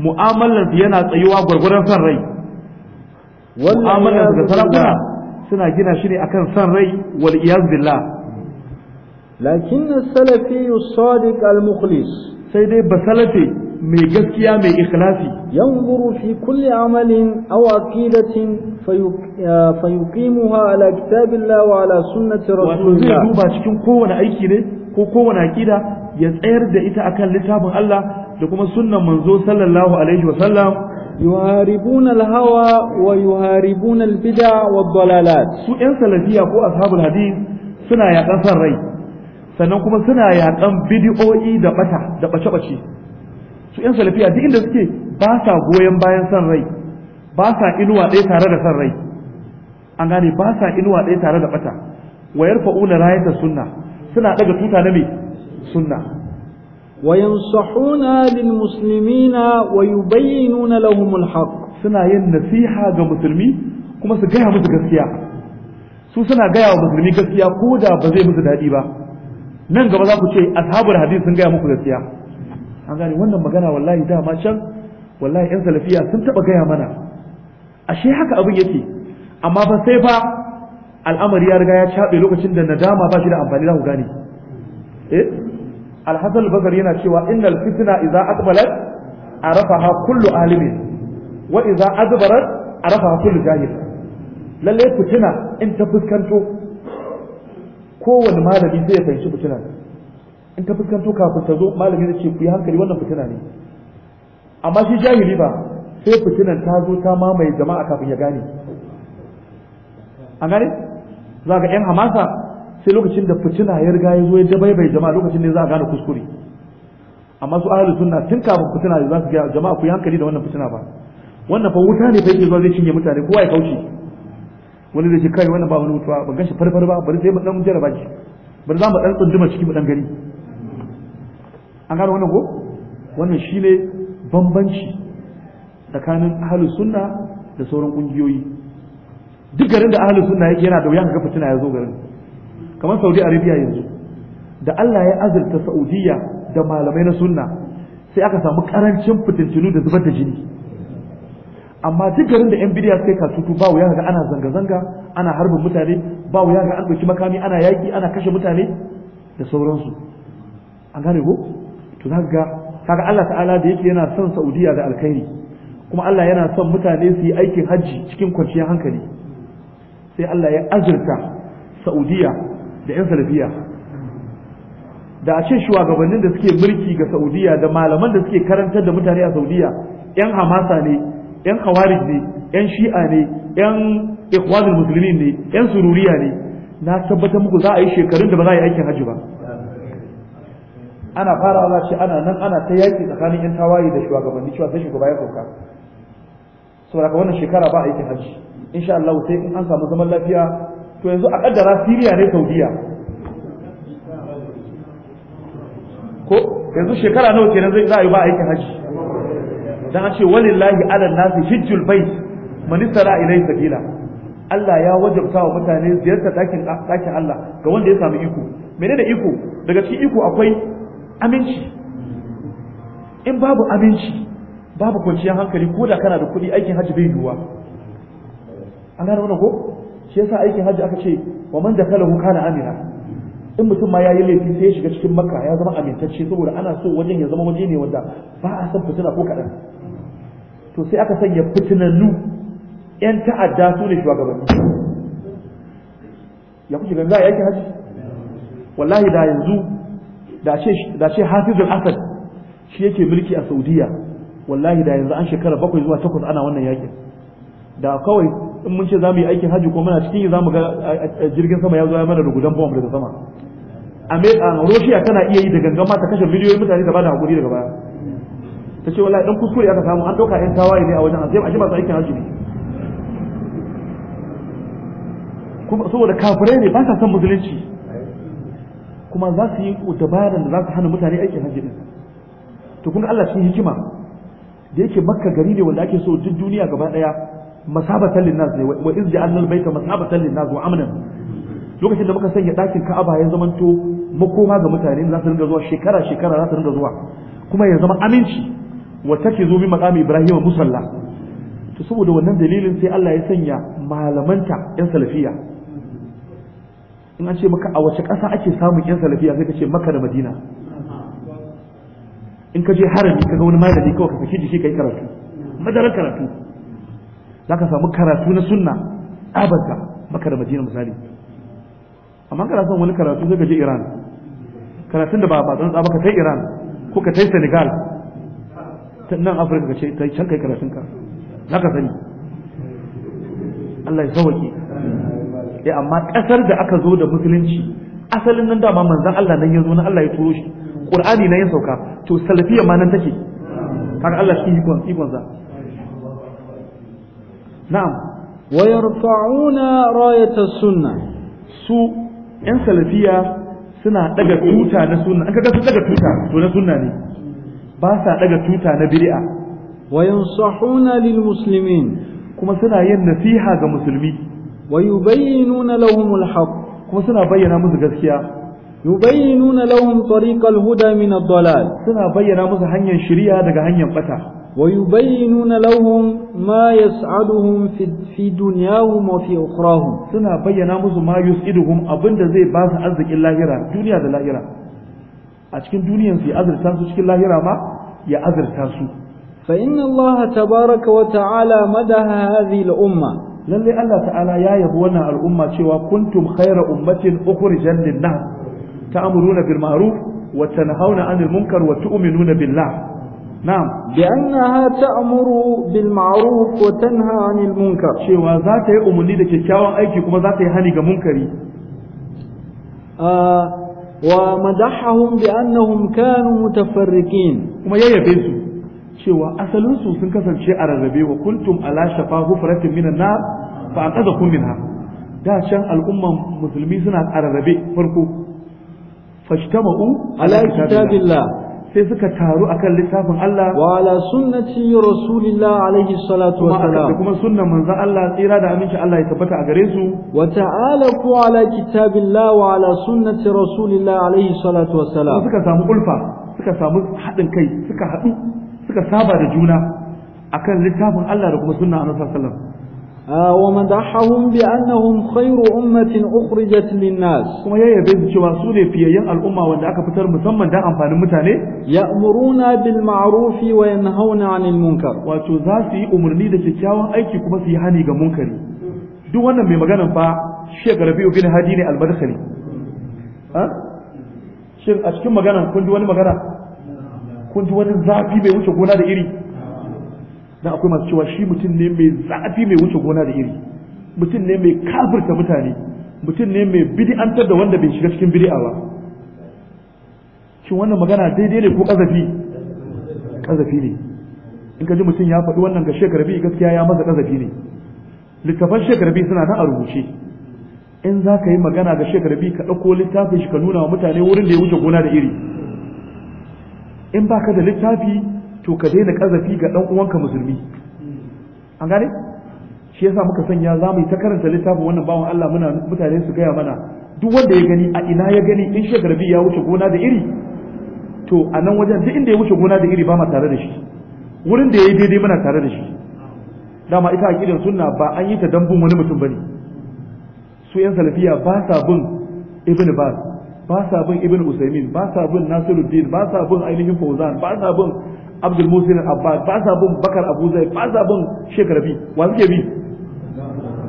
mu'amalar yana tsayuwa gwargwaran san rai mu'amalar da sarakuna suna gina shi ne akan san rai wal iyaz billah lakin as-salafi as-sadiq al-mukhlis sai dai ba mai gaskiya mai ikhlasi yanzuru fi kulli amalin aw aqidatin fayuqimuha ala kitabillah wa ala sunnati rasulillah wato zai duba cikin kowane aiki ne ko kowane aqida ya tsayar da ita akan littafin Allah da kuma sunnan manzo sallallahu alaihi wa sallam يهاربون الهوى ويهاربون البدع والضلالات su ƴan salafiya ko ashabul hadith suna yaƙan san rai sannan kuma suna yaƙan bid'o'i da bata da bace bace su yan salafiya duk inda suke ba sa goyon bayan san rai ba sa inuwa ɗaya tare da san rai an gane ba sa inuwa ɗaya tare da bata wayar fa'ula rayatar sunna suna ɗaga tuta na mai sunna وينصحون للمسلمين nuna لهم الحق suna yin nasiha ga musulmi kuma su gaya musu gaskiya su suna gaya wa musulmi gaskiya ko da ba zai musu daɗi ba nan gaba za ku ce ashabul hadith sun gaya muku gaskiya an gane wannan magana wallahi dama can wallahi yan salafiya sun taba gaya mana ashe haka abin yake amma ba sai fa al'amari ya riga ya caɓe lokacin da nadama ba shi da amfani za ku gane eh al-hasan yana cewa innal fitna idza aqbalat arafaha kullu alimin wa idza adbarat arafaha kullu jahil lalle fitina in ta fuskanto kowane malami zai fahimci fitinar in ta fuskanto kafin ta zo malami zai ce ku yi hankali wannan fitina ne amma shi jahili ba sai fitinan ta zo ta mamaye jama'a kafin ya gane an gane za ga yan hamasa sai lokacin da fitina ya riga ya zo ya bai jama'a lokacin ne za a gane kuskure amma su ahlus sunna tun kafin fitina za su ga jama'a ku yi hankali da wannan fitina ba wannan fa wuta ne fa yake zuwa zai cinye mutane kowa ya kauce wani zai ce kai wannan ba wani mutuwa ban gan shi farfar ba bari sai mu dan jarraba shi bari za mu dan tsunduma ciki mu dan gani an gano wannan ko wannan shi ne bambanci tsakanin ahlus sunna da sauran kungiyoyi duk garin da ahlus sunna yake yana da wuyan ga fitina ya zo garin kamar Saudi Arabia yanzu da Allah ya azurta Saudiya da malamai na sunna sai aka samu karancin fitintunu da zubar da jini amma duk garin da yan bidiya sai ka tutu ba wuya ga ana zanga-zanga ana harbin mutane ba wuya ga an ɗauki makami ana yaƙi ana kashe mutane da sauransu an gane ko to zaka kaga Allah ta'ala da yake yana son Saudiya da alkhairi kuma Allah yana son mutane su yi aikin hajji cikin kwanciyar hankali sai Allah ya azurta Saudiya da 'yan salafiya da a ce shugabannin da suke mulki ga Saudiya da malaman da suke karantar da mutane a Saudiya 'yan hamasa ne 'yan khawarij ne 'yan shi'a ne 'yan ikhwanul muslimin ne 'yan sururiya ne na tabbatar muku za a yi shekarun da ba za a yi aikin hajji ba ana fara za ce ana nan ana ta yaƙi tsakanin yan tawaye da shugabanni cewa sai shugaba ya sauka saboda wannan shekara ba aikin hajji insha Allah sai in an samu zaman lafiya to yanzu a kaddara Syria ne Saudiya ko yanzu shekara nawa kenan zai za a yi ba aikin hajji dan a ce walillahi ala nasi hijjul bait man istara ilayhi sabila Allah ya wajabta wa mutane ziyarta dakin dakin Allah ga wanda ya samu iko menene iko daga cikin iko akwai aminci in babu aminci babu kwanciyar hankali ko da kana da kuɗi aikin hajji bai yiwuwa an gane wani ko shi yasa aikin hajji aka ce wa man hu kana amina in mutum ma ya yi laifi sai ya shiga cikin makka ya zama amintacce saboda ana so wajen ya zama waje ne wanda ba a san fitina ko kaɗan to sai aka sanya fitinannu yan ta'adda su ne shugabanni ya kuke ganga za a hajji wallahi da yanzu da ce hafizul asad shi yake mulki a saudiya wallahi da yanzu an shekara bakwai zuwa takwas ana wannan yakin da kawai in mun ce za mu yi aikin hajji ko muna cikin za mu ga jirgin sama ya zo ya mana rugudan bomb daga sama a roshiya tana iya yi da ma ta kashe miliyoyin mutane da ba da hakuri daga baya ta ce wallahi dan kuskure aka samu an dauka yan tawaye ne a wajen azim ashe ba su aikin hajji ne kuma saboda kafirai ne ba sa son musulunci kuma za su yi dabarar da za su hana mutane aikin hajji din to kun Allah shi hikima da yake makka gari ne wanda ake so duk duniya gaba daya masabatan linnas ne wa iz ja'alna baita masabatan linnas wa amnan lokacin da muka sanya dakin Ka'aba ya zamanta makoma ga mutane za su dinga zuwa shekara shekara za su ringa zuwa kuma ya zama aminci wa take zo bi maqami Ibrahim musalla to saboda wannan dalilin sai Allah ya sanya malamanta yan salafiya in an ce maka a wace ƙasa ake samun yan salafiya sai ka ce maka da madina in ka je harami ka ga wani malami kawai ka saki jiki yi karatu madarar karatu za ka samu karatu na sunna abarka maka da madina misali amma kana son wani karatu sai ka je iran karatun da ba ba tsantsa ba ka kai iran ko ka kai senegal nan afirka ka ce ta can kai karatun ka za ka sani Allah ya sauwaƙe eh amma kasar da aka zo da musulunci asalin nan dama manzon Allah nan ya zo na Allah ya turo shi qur'ani nan ya sauka to salafiyya ma nan take kaga Allah shi ikon ikon sa na'am wa yarfa'una rayata sunna su yan salafiyya suna daga tuta na sunna an kaga su daga tuta to na sunna ne ba sa daga tuta na bid'a wa yansahuna lil muslimin kuma suna yin nasiha ga musulmi wa yubayyinuna lahum alhaq kuma suna bayyana musu gaskiya yubayyinuna lahum tariqal huda min ad-dalal suna bayyana musu hanyar shari'a daga hanyar bata wa yubayyinuna lahum ma yas'aduhum fi dunyahum wa fi ukhrahum suna bayyana musu ma yus'iduhum abinda zai ba su arzikin lahira duniya da lahira a cikin duniyan su ya azurta su cikin lahira ma ya azurta su fa inna allaha tabaraka wa ta'ala madaha hadhihi al-umma Lallai Allah ta'ala ya yabi wannan al'umma cewa kuntum khaira ummatin ukhrijan lin-nas ta'muruna bil ma'ruf wa tanhauna 'anil munkar wa tu'minuna billah na'am bi'annaha ta'muru bil ma'ruf wa tanha 'anil munkar cewa za ta yi umarni da kyakkyawan aiki kuma za ta yi hani ga munkari ah, wa madahhum bi annahum kanu mutafarriqin kuma yayyabe su cewa asalinsu sun kasance a rarrabe wa kuntum ala shafa hufratin minan na fa aqadakum minha da can al'umman musulmi suna rarrabe farko fashtama'u ala kitabillah sai suka taru akan littafin Allah wa ala sunnati rasulillah alaihi salatu wa salam kuma sunnan manzon Allah tsira da aminci Allah ya tabbata a gare su wa ta'alaku ala kitabillah wa ala sunnati rasulillah alaihi salatu wa salam suka samu ulfa suka samu haɗin kai suka haɗu suka saba da juna akan littafin Allah da kuma sunna annabi sallallahu alaihi wasallam ah, ummatin بأنهم خير nas? Kuma للناس كما يبين cewa su ne fiyayyen al'umma wanda aka fitar musamman dan amfanin mutane Ya ya'muruna bil ma'ruf wa yanhauna 'anil munkar wato za su yi umarni da kyakkyawan aiki kuma su yi hani ga munkari duk wannan mai magana fa shi Sheikh Rabi'u bin Hadi ne al-Madkhali ah? a cikin maganan kun ji wani magana kun ji wani zafi mai wuce gona da iri dan akwai masu cewa shi mutum ne mai zafi mai wuce gona da iri mutum ne mai kafirta mutane mutum ne mai bid'antar da wanda bai shiga cikin bid'a ba shin wannan magana daidai ne ko kazafi kazafi ne in ka ji mutum ya faɗi wannan ga biyu, gaskiya ya masa kazafi ne littafan biyu suna nan a rubuce in za ka yi magana ga shekarbi ka ɗauko littafin shi ka nuna wa mutane wurin da ya wuce gona da iri in ba ka da littafi to ka daina kazafi ga ɗan uwanka musulmi an gane shi yasa muka sanya za mu yi ta karanta littafin wannan bawan Allah muna mutane su gaya mana duk wanda ya gani a ina ya gani in shagarbi ya wuce gona da iri to a nan wajen duk inda ya wuce gona da iri ba ma tare da shi wurin da ya yi daidai muna tare da shi dama ita aqidar sunna ba an yi ta dambun wani mutum bane su yan salafiya ba sa bin ibn ba sa bin ibn usaimin ba sa bin nasiruddin ba sa bin ainihin fauzan ba sa bin abdul musin abbas ba sa bin bakar abu zai ba sa bin shekarabi wa suke bi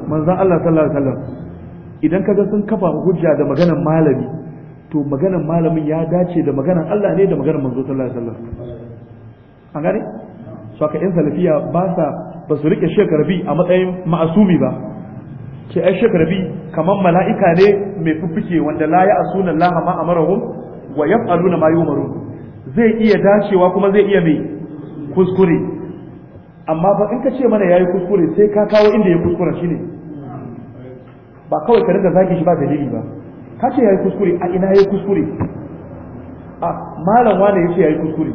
manzan allah sallallahu alaihi wasallam idan kaga sun kafa hujja da maganar malami to maganar malamin ya dace da maganar allah ne da maganar manzo sallallahu alaihi wasallam an gane so ka yan salafiya ba sa ba su rike shekarabi a matsayin ma'asumi ba ke ai shekara bi kaman mala'ika ne mai fiffike wanda la ya asuna Allah ma amarahum wa yaf'aluna ma yumarun zai iya dacewa kuma zai iya mai kuskure amma ba in ka ce mana yayi kuskure sai ka kawo inda ya kuskura shine ba kawai ka rinka zagi shi ba dalili ba ka ce yayi kuskure a ina yayi kuskure a malam wane ya yayi kuskure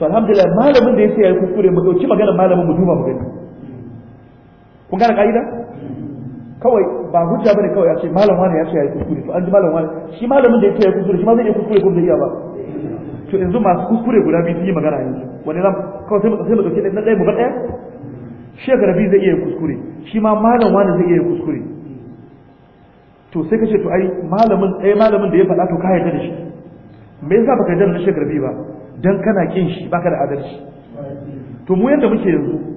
to alhamdulillah malamin da ya yayi kuskure mu dauki maganar malamin mu duba mu gani kun gane ka'ida kawai ba hujja bane kawai a ce malam wani ya ce yayi kuskure to an ji malam wani shi malamin da ya ce yayi kuskure shi ma zai iya kuskure ko bai iya ba to yanzu masu kuskure guda biyu sun yi magana yanzu wani zan kawai sai mu sai mu dauke na ɗaya mu ba ɗaya shekara biyu zai iya kuskure shi ma malam wani zai iya kuskure to sai ka ce to ai malamin ɗaya malamin da ya faɗa to ka yarda da shi me yasa baka yarda da shekara biyu ba dan kana kin shi baka da adalci to mu yanda muke yanzu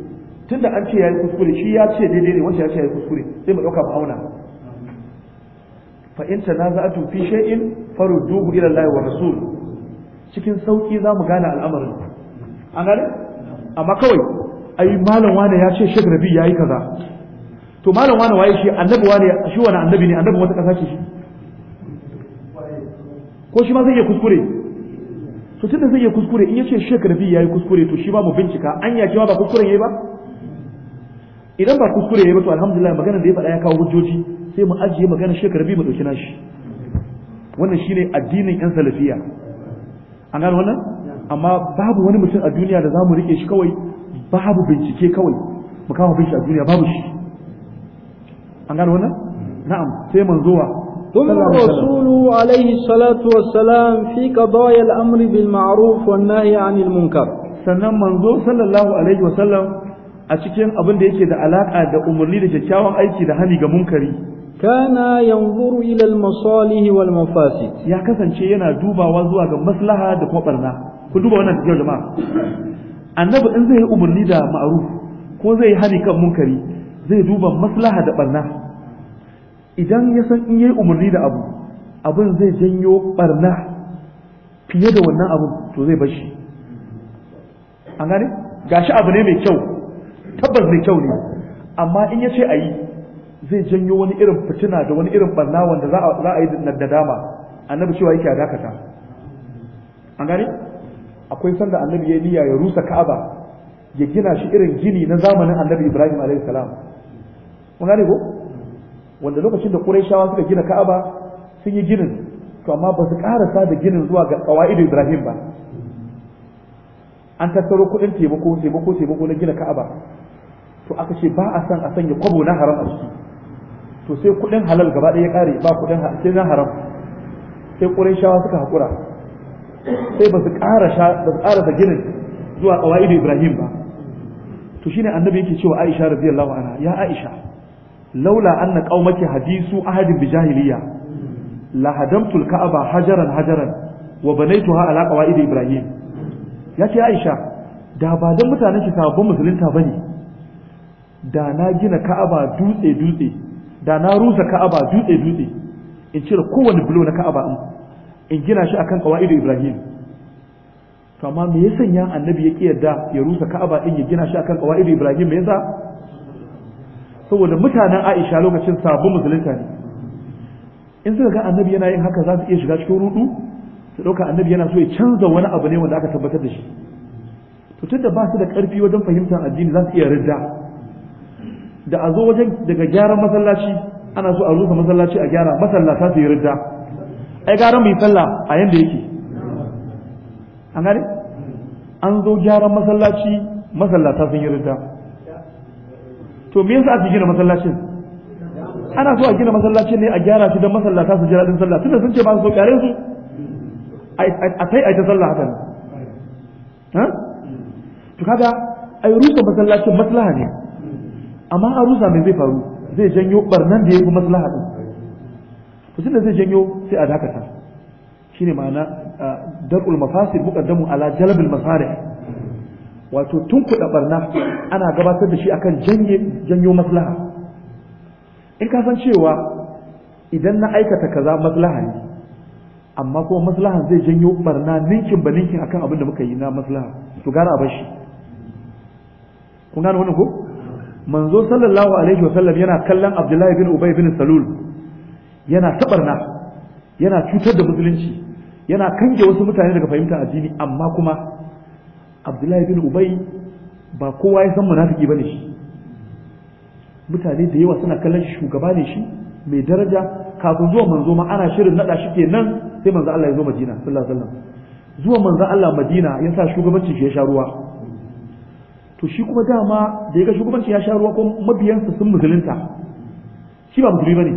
tunda an ce ya yi kuskure shi ya ce daidai ne wanda ya ce ya yi kuskure sai mu ɗauka mu auna fa in tanaza'atu fi shay'in farudduhu ila Allah wa rasul cikin sauki za mu gane al'amarin an gane amma kawai ai malam wani ya ce Sheikh Rabi yi kaza to malam wani waye shi annabi wani shi wani annabi ne annabi wata kasa ce shi ko shi ma zai iya kuskure to tunda zai iya kuskure in yace Sheikh Rabi yayi kuskure to shi ba mu bincika an yake ba kuskuren yayi ba idan ba kuskure ya to alhamdulillah maganar da ya faɗa ya kawo hujjoji sai mu ajiye maganar shekara biyu mu ɗauki nashi wannan shine addinin yan salafiya an gano wannan amma babu wani mutum a duniya da zamu rike shi kawai babu bincike kawai mu kama bin shi a duniya babu shi an gano wannan na'am sai manzowa ثم الرسول عليه الصلاة والسلام في قضايا الأمر بالمعروف والنهي عن المنكر سنن منظور صلى الله عليه وسلم a cikin abin da yake da alaka da umarni da kyakkyawan aiki da hani ga munkari kana yanzuru ila al-masalih wal mafasid ya kasance yana dubawa zuwa ga maslaha da kuma barna ku duba wannan cikin jama'a annabi in zai yi umarni da ma'ruf ko zai hani kan munkari zai duba maslaha da barna idan ya san in yayi umarni da abu abin zai janyo barna fiye da wannan abu to zai bar shi an gane gashi abu ne mai kyau tabbas mai kyau ne amma in ya ce a yi zai janyo wani irin fitina da wani irin barna wanda za a yi da dama annabi cewa yake a dakata an gani, akwai sanda annabi ya niyya ya rusa ka'aba ya gina shi irin gini na zamanin annabi ibrahim alaihi salam kun gane ko wanda lokacin da shawa suka gina ka'aba sun yi ginin to amma ba su karasa da ginin zuwa ga qawaidu ibrahim ba an tattaro kuɗin taimako taimako taimako na gina ka'aba to aka ce ba a san a sanya kwabo na haram a ciki to sai kuɗin halal gaba ɗaya ya ƙare ba kuɗin sai na haram sai ƙurin shawa suka haƙura sai ba su ƙara sha ba su ƙara ginin zuwa ƙawaidu ibrahim ba to shine annabi yake cewa aisha radiyallahu anha ya aisha laula anna qaumaki hadisu ahadin bi jahiliya la hadamtul ka'aba hajaran hajaran wa banaituha ala qawaid ibrahim yace aisha da ba dan mutanen ki sababbin musulunta bane da na gina ka'aba dutse dutse da na rusa ka'aba dutse dutse in cire kowane bulo na ka'aba in gina shi akan kawaidu ibrahim to amma me ya sanya annabi ya yarda ya rusa ka'aba din ya gina shi akan kawaidu ibrahim me yasa saboda mutanen aisha lokacin sabon musulunta ne in suka ga annabi yana yin haka za su iya shiga cikin rudu su dauka annabi yana so ya canza wani abu ne wanda aka tabbatar da shi to tunda ba su da karfi wajen fahimtar addini za su iya ridda da a zo wajen daga gyaran masallaci ana so a rufe masallaci a gyara masallata su yi ridda ai gara mu yi sallah a yanda yake an gane an zo gyaran masallaci masallata sun yi ridda to me yasa ake gina masallacin ana so a gina masallacin ne a gyara shi don masallata su ji daɗin sallah tunda sun ce ba su so kyare su a kai a ta sallah hakan to kaga ai rusa masallacin maslaha ne amma a mai zai faru zai janyo barnan da ya fi maslaha din kusin da zai janyo sai a dakata shine ma'ana dar'ul mafasid muqaddamu ala jalabil masalih wato tun kuɗa barna ana gabatar da shi akan janyo maslaha in ka san cewa idan na aikata kaza maslaha ne amma kuma maslaha zai janyo barna ninkin ba ninkin akan abin da muka yi na maslaha to gara a bashi kun gane wannan ko manzo sallallahu alaihi wa sallam yana kallon abdullahi bin ubay bin salul yana tabarna yana cutar da musulunci yana kange wasu mutane daga fahimtar addini amma kuma abdullahi bin ubay ba kowa ya san munafiki bane shi mutane da yawa suna kallon shi shugaba ne shi mai daraja kafin zuwa manzo ma ana shirin nada shi kenan sai manzo Allah ya zo Madina sallallahu alaihi zuwa manzo Allah Madina ya sa shugabancin shi ya sha ruwa to shi kuma dama da ya ga shugabanci ya sha ruwa ko mabiyansa sun musulunta shi ba musulmi bane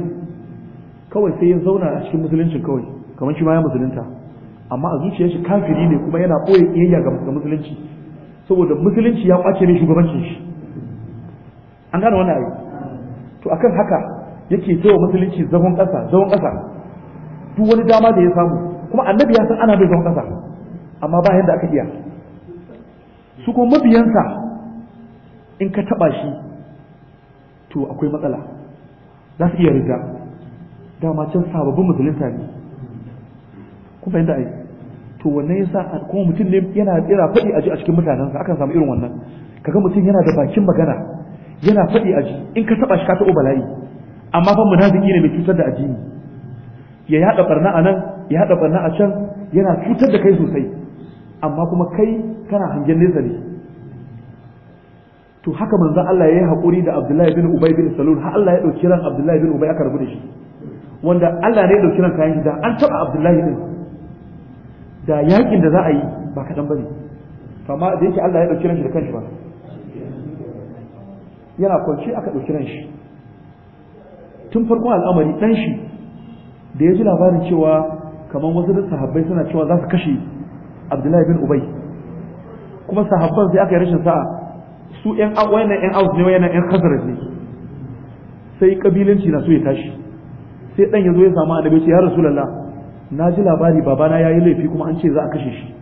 kawai sai ya zauna a cikin musuluncin kawai kamar shi ma ya musulunta amma a zuciyar shi kafiri ne kuma yana ɓoye ƙiyayya ga musulunci saboda musulunci ya kwace ne shugabancin shi an gane wannan ayi to akan haka yake wa musulunci zagon ƙasa zagon ƙasa duk wani dama da ya samu kuma annabi ya san ana da zagon ƙasa amma ba yadda aka iya su kuma mabiyansa in ka taba shi to akwai matsala za su iya riga. dama can sababbin musulunta ne ku fahimta ai to wannan sa kuma mutum ne yana tsira faɗi aji a cikin mutanensa akan samu irin wannan kaga mutum yana da bakin magana yana faɗi aji in ka taba shi ka taɓo bala'i amma fa munafiki ne mai cutar da ne. ya yaɗa barna a nan ya yaɗa barna a can yana cutar da kai sosai amma kuma kai kana hangen nesa ne to haka manzo Allah ya yi haƙuri da Abdullahi bin Ubay bin Salul har Allah ya ɗauki ran Abdullahi bin Ubay aka rabu da shi wanda Allah ne ya ɗauki ran kayan da an taɓa Abdullahi din da yakin da za a yi ba kaɗan bane, ne amma da yake Allah ya ɗauki ran shi da kanshi ba yana kwanci aka ɗauki ran shi tun farkon al'amari ɗan shi da ya ji labarin cewa kamar wasu da sahabbai suna cewa za su kashe Abdullahi bin Ubay kuma sahabban sai aka yi rashin sa'a su yan wayannan yan aus ne wayannan yan khazraj ne sai kabilanci na so ya tashi sai ya zo ya samu annabi ce ya rasulullah na ji labari babana yayi laifi kuma an ce za a kashe shi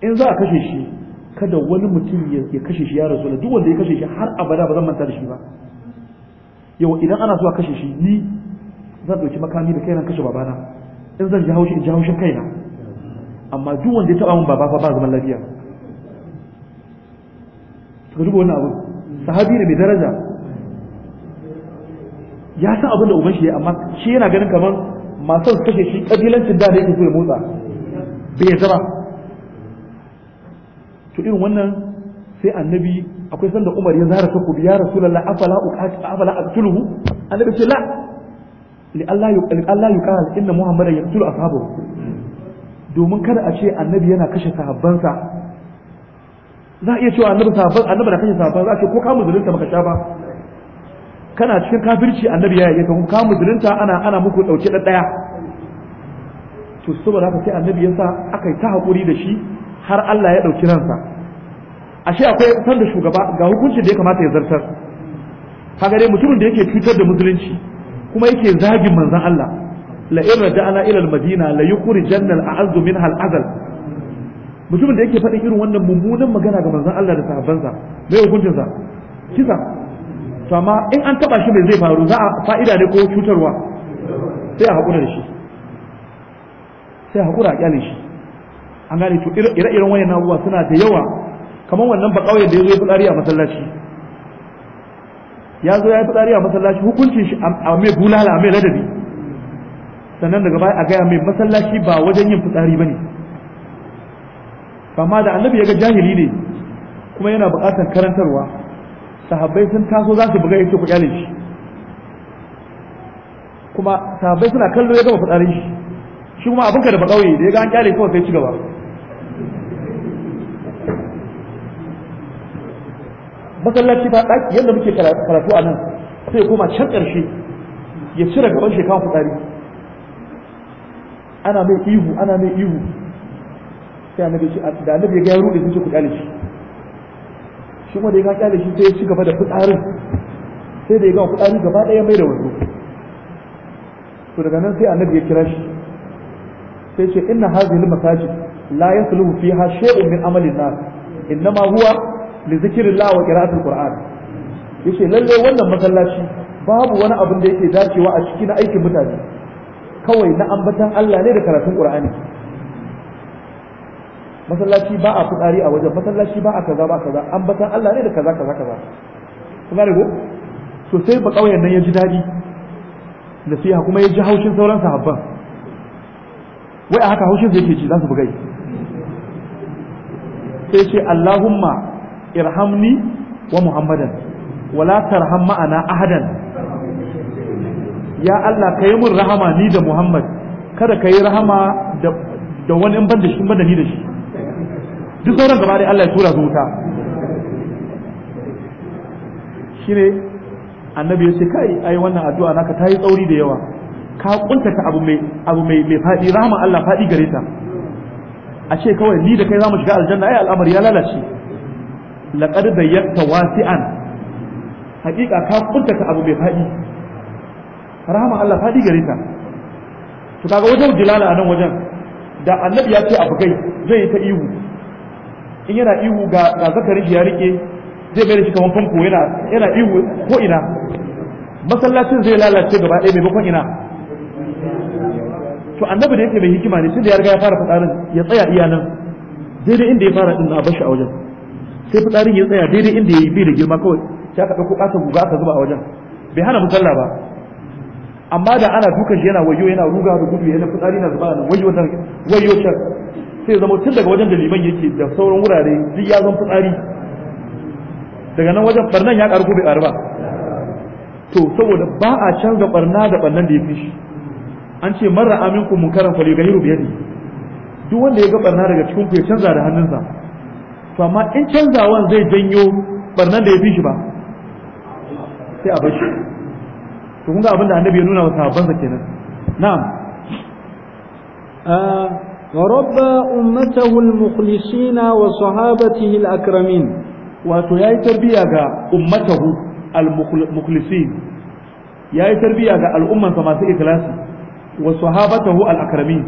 in za a kashe shi kada wani mutum ya kashe shi ya rasulullah duk wanda ya kashe shi har abada ba zan manta da shi ba yau idan ana so a kashe shi ni zan dauki makami da kaina kashe babana in zan ji haushi in ji haushin kaina amma duk wanda ya taba min baba fa ba zaman lafiya rubo duba wannan abu sahabi ne mai daraja ya san abin da uban shi amma shi yana ganin kamar masu kashe shi kabilancin da ne yake kuma ya motsa bai yarda to irin wannan sai annabi akwai sanda Umar ya zara kubi ya lalla afala a afala annabi ce la Allah yuqal Allah inna Muhammadan yaqtulu domin kada a ce annabi yana kashe sahabbansa za a iya cewa annabi sahabban annabi da kashe sahabban za a ce ko ka muzulunta maka sha ba kana cikin kafirci annabi ya yi ka ka muzulunta ana ana muku dauke da daya to saboda haka sai annabi ya aka yi ta hakuri da shi har Allah ya dauki ransa ashe akwai san da shugaba ga hukuncin da ya kamata ya zartar kaga dai mutumin da yake cutar da musulunci kuma yake zagin manzon Allah la in raja'na ila al-madina la yukhrijanna al-a'azzu minha al-azal mutumin da yake faɗin irin wannan mummunan magana ga manzon Allah da sahabbansa mai hukuncin sa kisa to amma in an taba shi mai zai faru za a fa'ida ne ko cutarwa sai a hakura da shi sai a hakura a kyale shi an gane to ire-iren wayan abubuwa suna da yawa kamar wannan ba ƙauyen da ya zo ya fitsari a masallaci ya zo ya yi fitsari a masallaci hukuncin shi a mai bulala a mai ladabi sannan daga baya a gaya mai masallaci ba wajen yin fitsari ba ne amma da annabi ya ga jahili ne kuma yana buƙatar karantarwa sahabbai sun taso za su buga yake ku kyale shi kuma sahabbai suna kallo ya gama fadarin shi shi kuma abinka da bakawai da ya ga an kyale kawai sai ci gaba masallaci ba ɗaki yadda muke karatu a nan sai koma can ƙarshe ya cire gaban shekawa fadari ana mai ihu ana mai ihu sai annabi shi da annabi ya ga yaro da sun ce ku kyale shi shi kuma da ya ga kyale shi sai ya ci gaba da fitsarin sai da ya ga fitsarin gaba ɗaya mai da wasu to daga nan sai annabi ya kira shi sai ce inna hadhihi al-masajid la yasluhu fiha shay'un min amali an-nas innama huwa li dhikrillah wa qira'atil qur'an yace lalle wannan masallaci babu wani abin da yake dacewa a cikin aikin mutane kawai na ambatan Allah ne da karatun Qur'ani masallaci ba a fitsari a wajen masallaci ba a kaza ba kaza an batan Allah ne da kaza kaza kaza kuma rigo ko so sai ba kawai nan ya ji dadi da sai kuma ya ji haushin sauran sahabban wai a haka haushin zai ke ji za su bugai sai ce Allahumma irhamni wa Muhammadan wala tarham ma'ana ahadan ya Allah kai mun rahama ni da Muhammad kada kai rahama da wani in ban da shi ban da ni da shi duk sauran gaba dai Allah ya tura su wuta shine annabi ya ce kai ai wannan addu'a naka ta yi tsauri da yawa ka kuntata abu mai abu mai mai fadi rahama Allah fadi gare ta a ce kawai ni da kai zamu shiga aljanna ai al'amari ya lalace laqad dayyakta wasi'an hakika ka ta abu mai fadi rahama Allah fadi gare ta to kaga wajen jilala a nan wajen da annabi ya ce abu kai zai yi ta ihu in yana ihu ga ga zakarin ya rike zai bai shi kamar famfo yana yana ihu ko ina masallacin zai lalace gaba ɗaya maimakon ina to annabi da yake mai hikima ne tunda ya riga ya fara fitsarin ya tsaya iya nan daidai inda ya fara din a bashi a wajen sai fitsarin ya tsaya daidai inda ya yi da girma kawai sai aka ɗauko ƙasa guga aka zuba a wajen bai hana musalla ba amma da ana dukan shi yana wayo yana ruga da gudu yana fitsari na zuba a nan wayo can sai zama tun daga wajen da liman yake da sauran wurare duk ya zama fitsari daga nan wajen barnan ya karko bai karu ba to saboda ba a canza barna da barnan da ya fi shi an ce marra aminku munkaran fa yughayyiru biyar ne duk wanda ya ga barna daga cikin ku ya canza da hannunsa to amma in canzawan zai janyo barnan da ya fi shi ba sai a bashi to kun ga abin da annabi ya nuna wa sa kenan na'am ah, وربى أمته المخلصين وصحابته الأكرمين وتياي تربية أمته المخلصين ياي تربية الأمة كما إخلاصي وصحابته الأكرمين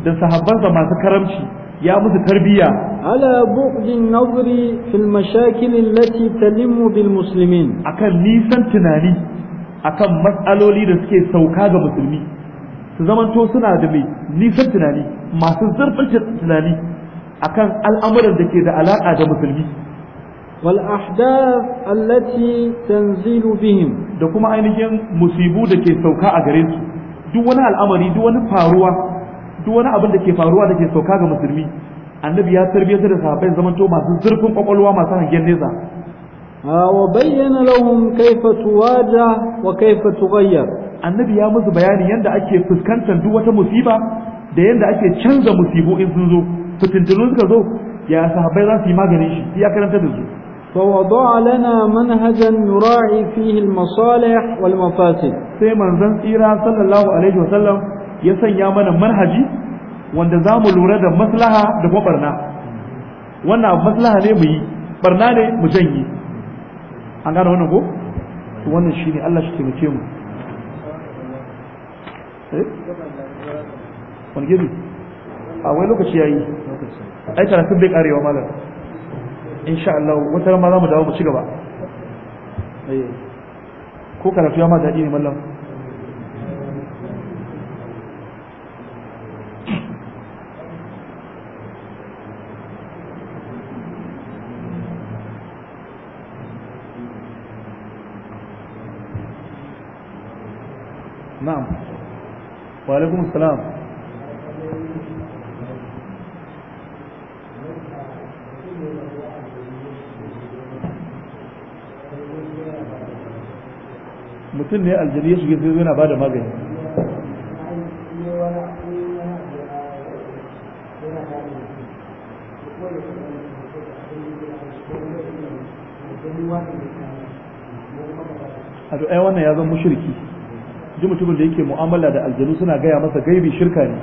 da sahabbansa masu karamci ya musu tarbiya ala bu'din nazri fil mashakil allati talimu bil muslimin akan nisan tunani akan matsaloli da suke sauka ga musulmi su zamanto suna da mai nisan tunani masu zurfin tunani akan al'amuran da ke da alaƙa da musulmi wal ahdaf allati tanzilu bihim da kuma ainihin musibu da ke sauka a gare duk wani al'amari duk wani faruwa duk abin da ke faruwa da ke sauka ga musulmi annabi ya tarbiyyar da sahabbai zamanto masu zurfin kwakwalwa masu hangen nesa wa bayyana lahum kaifa tuwaja wa kaifa tughayyar annabi ya musu bayani yadda ake fuskantar duk wata musiba da yadda ake canza musibu in sun zo fitintunu suka zo ya sahabbai za su yi maganin shi ya karanta da su فوضع لنا منهجا يراعي فيه المصالح والمفاسد sai manzon tsira sallallahu alaihi wasallam ya sanya mana manhaji wanda za mu lura da maslaha da kuma barna wannan maslaha ne mu yi barna ne mu janye an gane wannan ko wannan shine Allah shi taimake mu Eh? wani gibi a wani lokaci ya yi A ai tarafin bai karewa malam insha Allah wata rama za mu dawo mu ci gaba eh. ko karatu ya ma daɗi ne mallam na'am وعليكم السلام salam mutum ne aljari ya shiga zai yana ba da magani a ai wannan ya zama mushriki ji mutumin da yake mu'amala da aljanu suna gaya masa gaibi shirka ne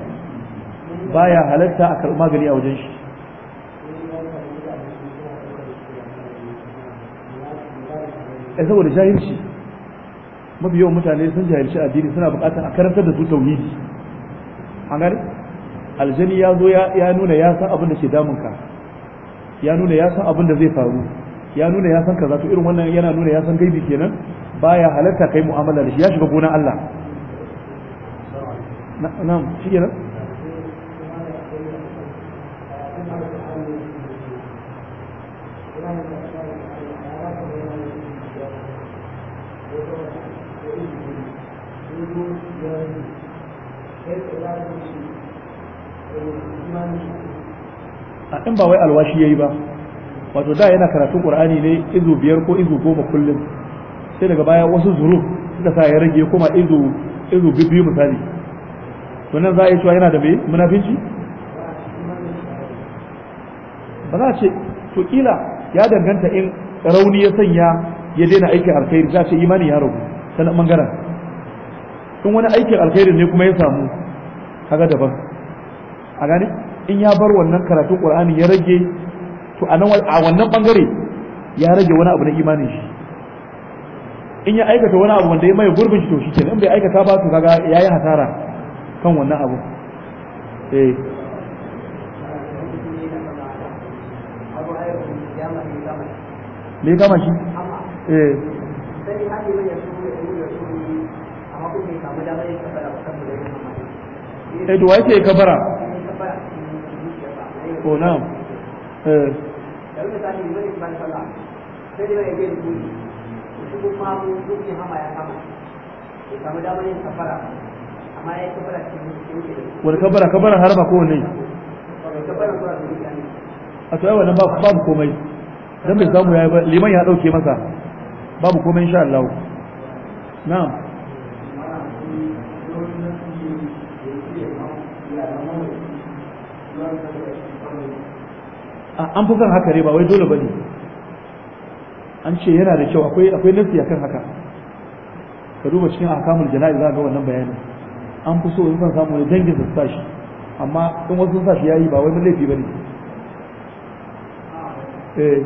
baya halatta a karɓi magani a wajen shi ai saboda jahilci mafi yawan mutane sun jahilci addini suna buƙatar a karantar da su tauhidi an gani aljani ya zo ya nuna ya san abin da ke damunka ya nuna ya san abin da zai faru ya nuna ya san kaza to irin wannan yana nuna ya san gaibi kenan baya halarta kai mu'amala da shi ya shiga gona Allah na'am shi ne a ɗan ba wai alwashi ya yi ba wato da yana karatun ƙur'ani ne izu biyar ko izu goma kullum sai daga baya wasu zuruf suka sa ya rage kuma izu izu biyu misali to nan za a yi cewa yana da me munafici ba za a ce to kila ya danganta in rauni ya sanya ya daina aikin alkhairi za a ce imani ya rabu sanan mangara in wani aikin alkhairi ne kuma ya samu kaga daban a gane in ya bar wannan karatun qur'ani ya rage to a wannan bangare ya rage wani abu na imanin shi in ya aikata wani abu wanda ya mai gurbin shi to shi kenan in bai aikata ba to kaga yayi hasara kan wannan abu eh me gama shi eh eh to wai ke kabara ko oh, na eh sai cikin hama ya kama ya damar yin kafara amma ya yi wani kafara kafara harba ko ne a to yawa babu komai dan bai samu yayi ba liman ya dauke masa babu komai Allah an fi son haka ne ba wai dole ba ne an ce yana da kyau akwai akwai nasi akan haka ka duba cikin akamul janai za ga wannan bayani an fi so in san samu dangin su sa amma in wasu sa shi yayi ba wani laifi bane eh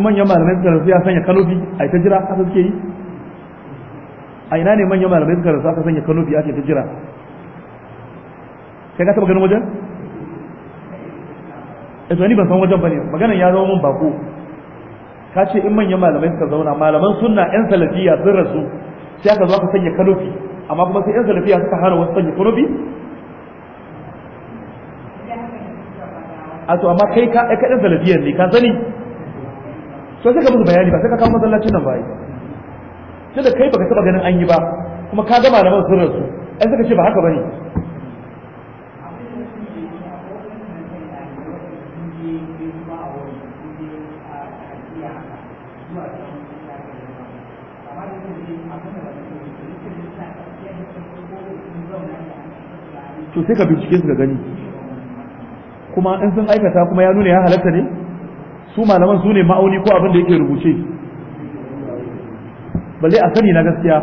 manyan malamai suka rasu ya sanya kanofi a ta jira haka suke yi a ina ne manyan malamai suka rasu aka sanya kanofi a ta jira kai ka taba ganin wajen a eh, ni ban san wajen bane maganan ya zama mun bako ka ce in manyan malamai suka zauna malaman sunna yan salafiya sun rasu sai aka zo aka sanya kanofi amma kuma sai yan salafiya suka hana wasu sanya kanofi a to amma kai ka ɗan salafiyar ne ka sani to sai ka musu bayani ba sai ka kawo masallacin nan ba yi sai da kai baka taba ganin an yi ba kuma ka gama da masu rasu ai suka ce ba haka bane to sai ka bincike su ka gani kuma in sun aikata kuma ya nuna ya halatta ne su malaman su ne ma'auni ko abin da yake rubuce balle a sani na gaskiya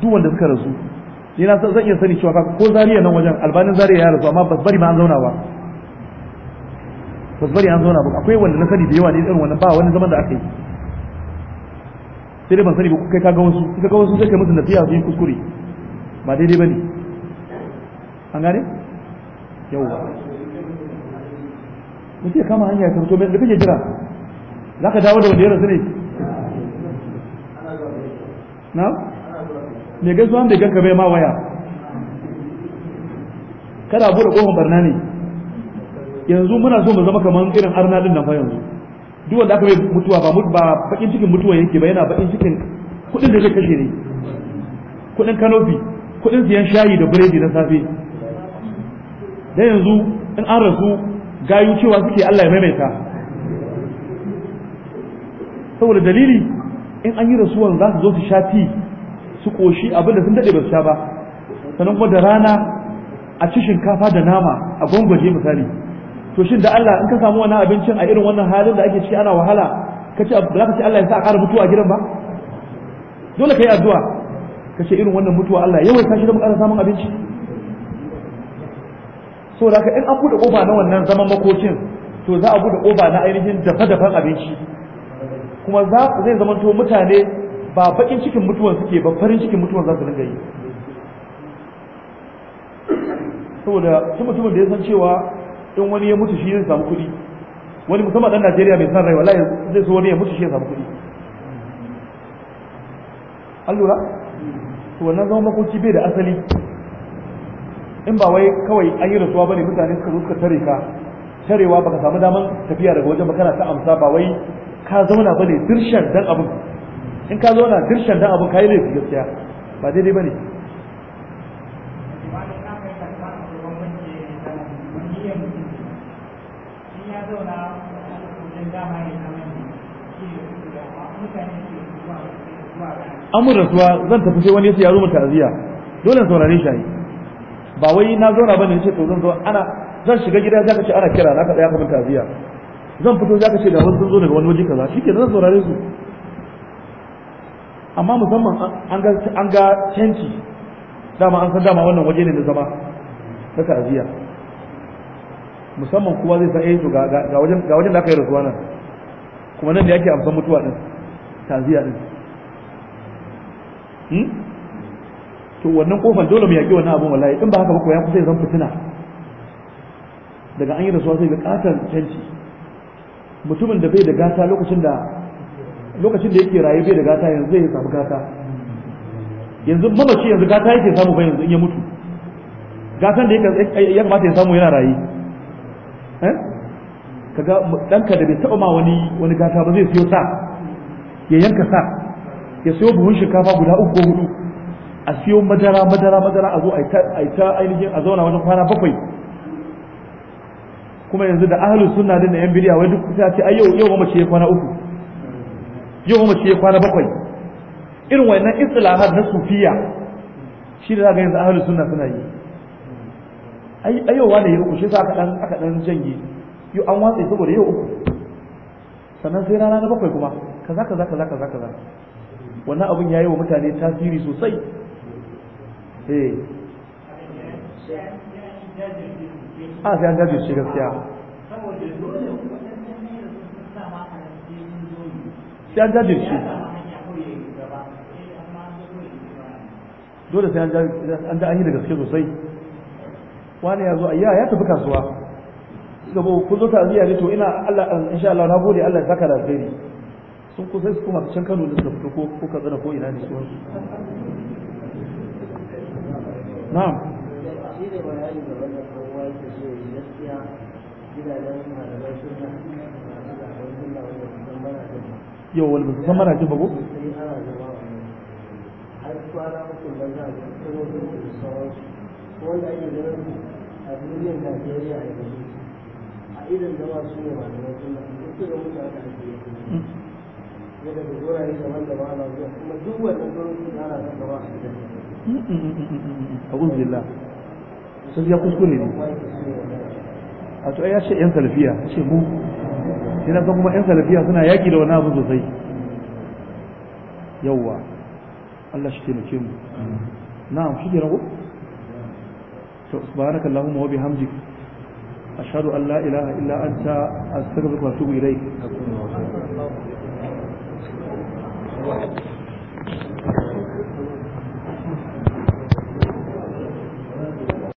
duk wanda suka rasu ni na zan iya sani cewa ko zariya nan wajen albanin zariya ya rasu amma bari ma an zauna ba bari an zauna ba akwai wanda na sani da yawa ne irin wannan ba wani zaman da aka yi sai dai ban sani ba kai ka ga wasu ka ga wasu sai kai musu nasiha su yi kuskure ba daidai bane an gane yawa mutum ya kama hanya ya karto da kake jira za ka dawo da wanda ya rasu ne na mai gaisuwa mai ganka bai ma waya kada a da kofar barna ne yanzu muna so mu zama kamar irin arna din nan fa yanzu duk wanda aka bai mutuwa ba ba bakin cikin mutuwa yake ba yana bakin cikin kudin da zai kashe ne kudin kanofi kudin siyan shayi da biredi na safe da yanzu in an rasu gayu cewa suke Allah ya maimaita saboda dalili in an yi rasuwan za su zo su sha ti su koshi abin da sun daɗe ba su sha ba sannan kuma da rana a ci shinkafa da nama a gwangwaje misali to shin da Allah in ka samu wani abincin a irin wannan halin da ake ciki ana wahala ka ce ba ka ce Allah ya sa a ƙara mutuwa a gidan ba dole ka yi addu'a ka ce irin wannan mutuwa Allah yawan tashi da mu ƙara samun abinci so da in an buɗe ƙofa na wannan zaman makokin to za a buɗe ƙofa na ainihin dafa-dafan abinci kuma za zai to mutane ba baƙin cikin mutuwan suke ba farin cikin mutuwan za su dinga yi saboda shi mutumin da ya san cewa in wani ya mutu shi zai samu kuɗi wani musamman ɗan najeriya mai san rai wallahi zai so wani ya mutu shi ya samu kuɗi an lura to wannan zaman makoki bai da asali in ba wai kawai an yi rasuwa bane mutane suka zo suka tare ka tarewa baka samu daman tafiya daga wajen ba kana ta amsa ba wai ka zauna bane dirshan dan abin in ka zauna dirshan dan abin kai laifi gaskiya ba daidai bane an mun rasuwa zan tafi sai wani ya yaro mu ta'aziyya dole saurare shi ba wai na zauna bane ce to zan zo ana zan shiga gida zaka ce ana kira na ka tsaya mun tafiya zan fito zaka ce da wasu zo daga wani waje kaza shike zan saurare su amma musamman an ga an ga canci dama an san dama wannan waje ne na zama na tafiya musamman kuwa zai san eh to ga ga wajen ga wajen da aka yi rasuwa nan kuma nan ne yake amsan mutuwa din tafiya din hmm? to wannan kofar dole mu yaƙi wannan abun wallahi in ba haka ba ko ya kusa zan fitina daga an yi rasuwa sai ga katar canci mutumin da bai da gata lokacin da lokacin da yake rayu bai da gata yanzu zai samu gata yanzu mamaci yanzu gata yake samu ba yanzu in ya mutu gatan da ya kamata ya samu yana raye eh? kaga danka da bai taɓa ma wani wani gata ba zai siyo sa ya yanka sa ya siyo buhun shinkafa guda uku ko hudu a siyo madara madara madara a zo a ta ainihin a zauna wajen kwana bakwai kuma yanzu da ahlus sunna din da yan bidiya wai duk kusa ce ai yau yau mamaci ya kwana uku yau mamaci ya kwana bakwai irin wannan istilahat na sufiya shi da zaka yanzu ahlus sunna suna yi ai ai yau wani ya uku shi sa aka dan aka dan janye yau an watsa saboda yau uku sannan sai rana na bakwai kuma kaza kaza kaza kaza kaza wannan abin yayi wa mutane tasiri sosai eh a ah, sai an da shi gaskiya sai an da shi dole sai an da an yi da gaske sosai wani ya zo ya tafi kasuwa zo to ina Allah na gode Allah ya saka da alheri sun su can Kano da ko ina ne su na'am yau wani ba san mana ba ko a a uzbillah sun ya kuskure ne a to ya ce yan salafiya ce mu sai na kuma yan salafiya suna yaki da wani abu sosai yawwa Allah shi taimake mu na'am shi kenan ko to subhanaka allahumma wa bihamdik ashhadu an la ilaha illa anta astaghfiruka wa atubu ilayk Thank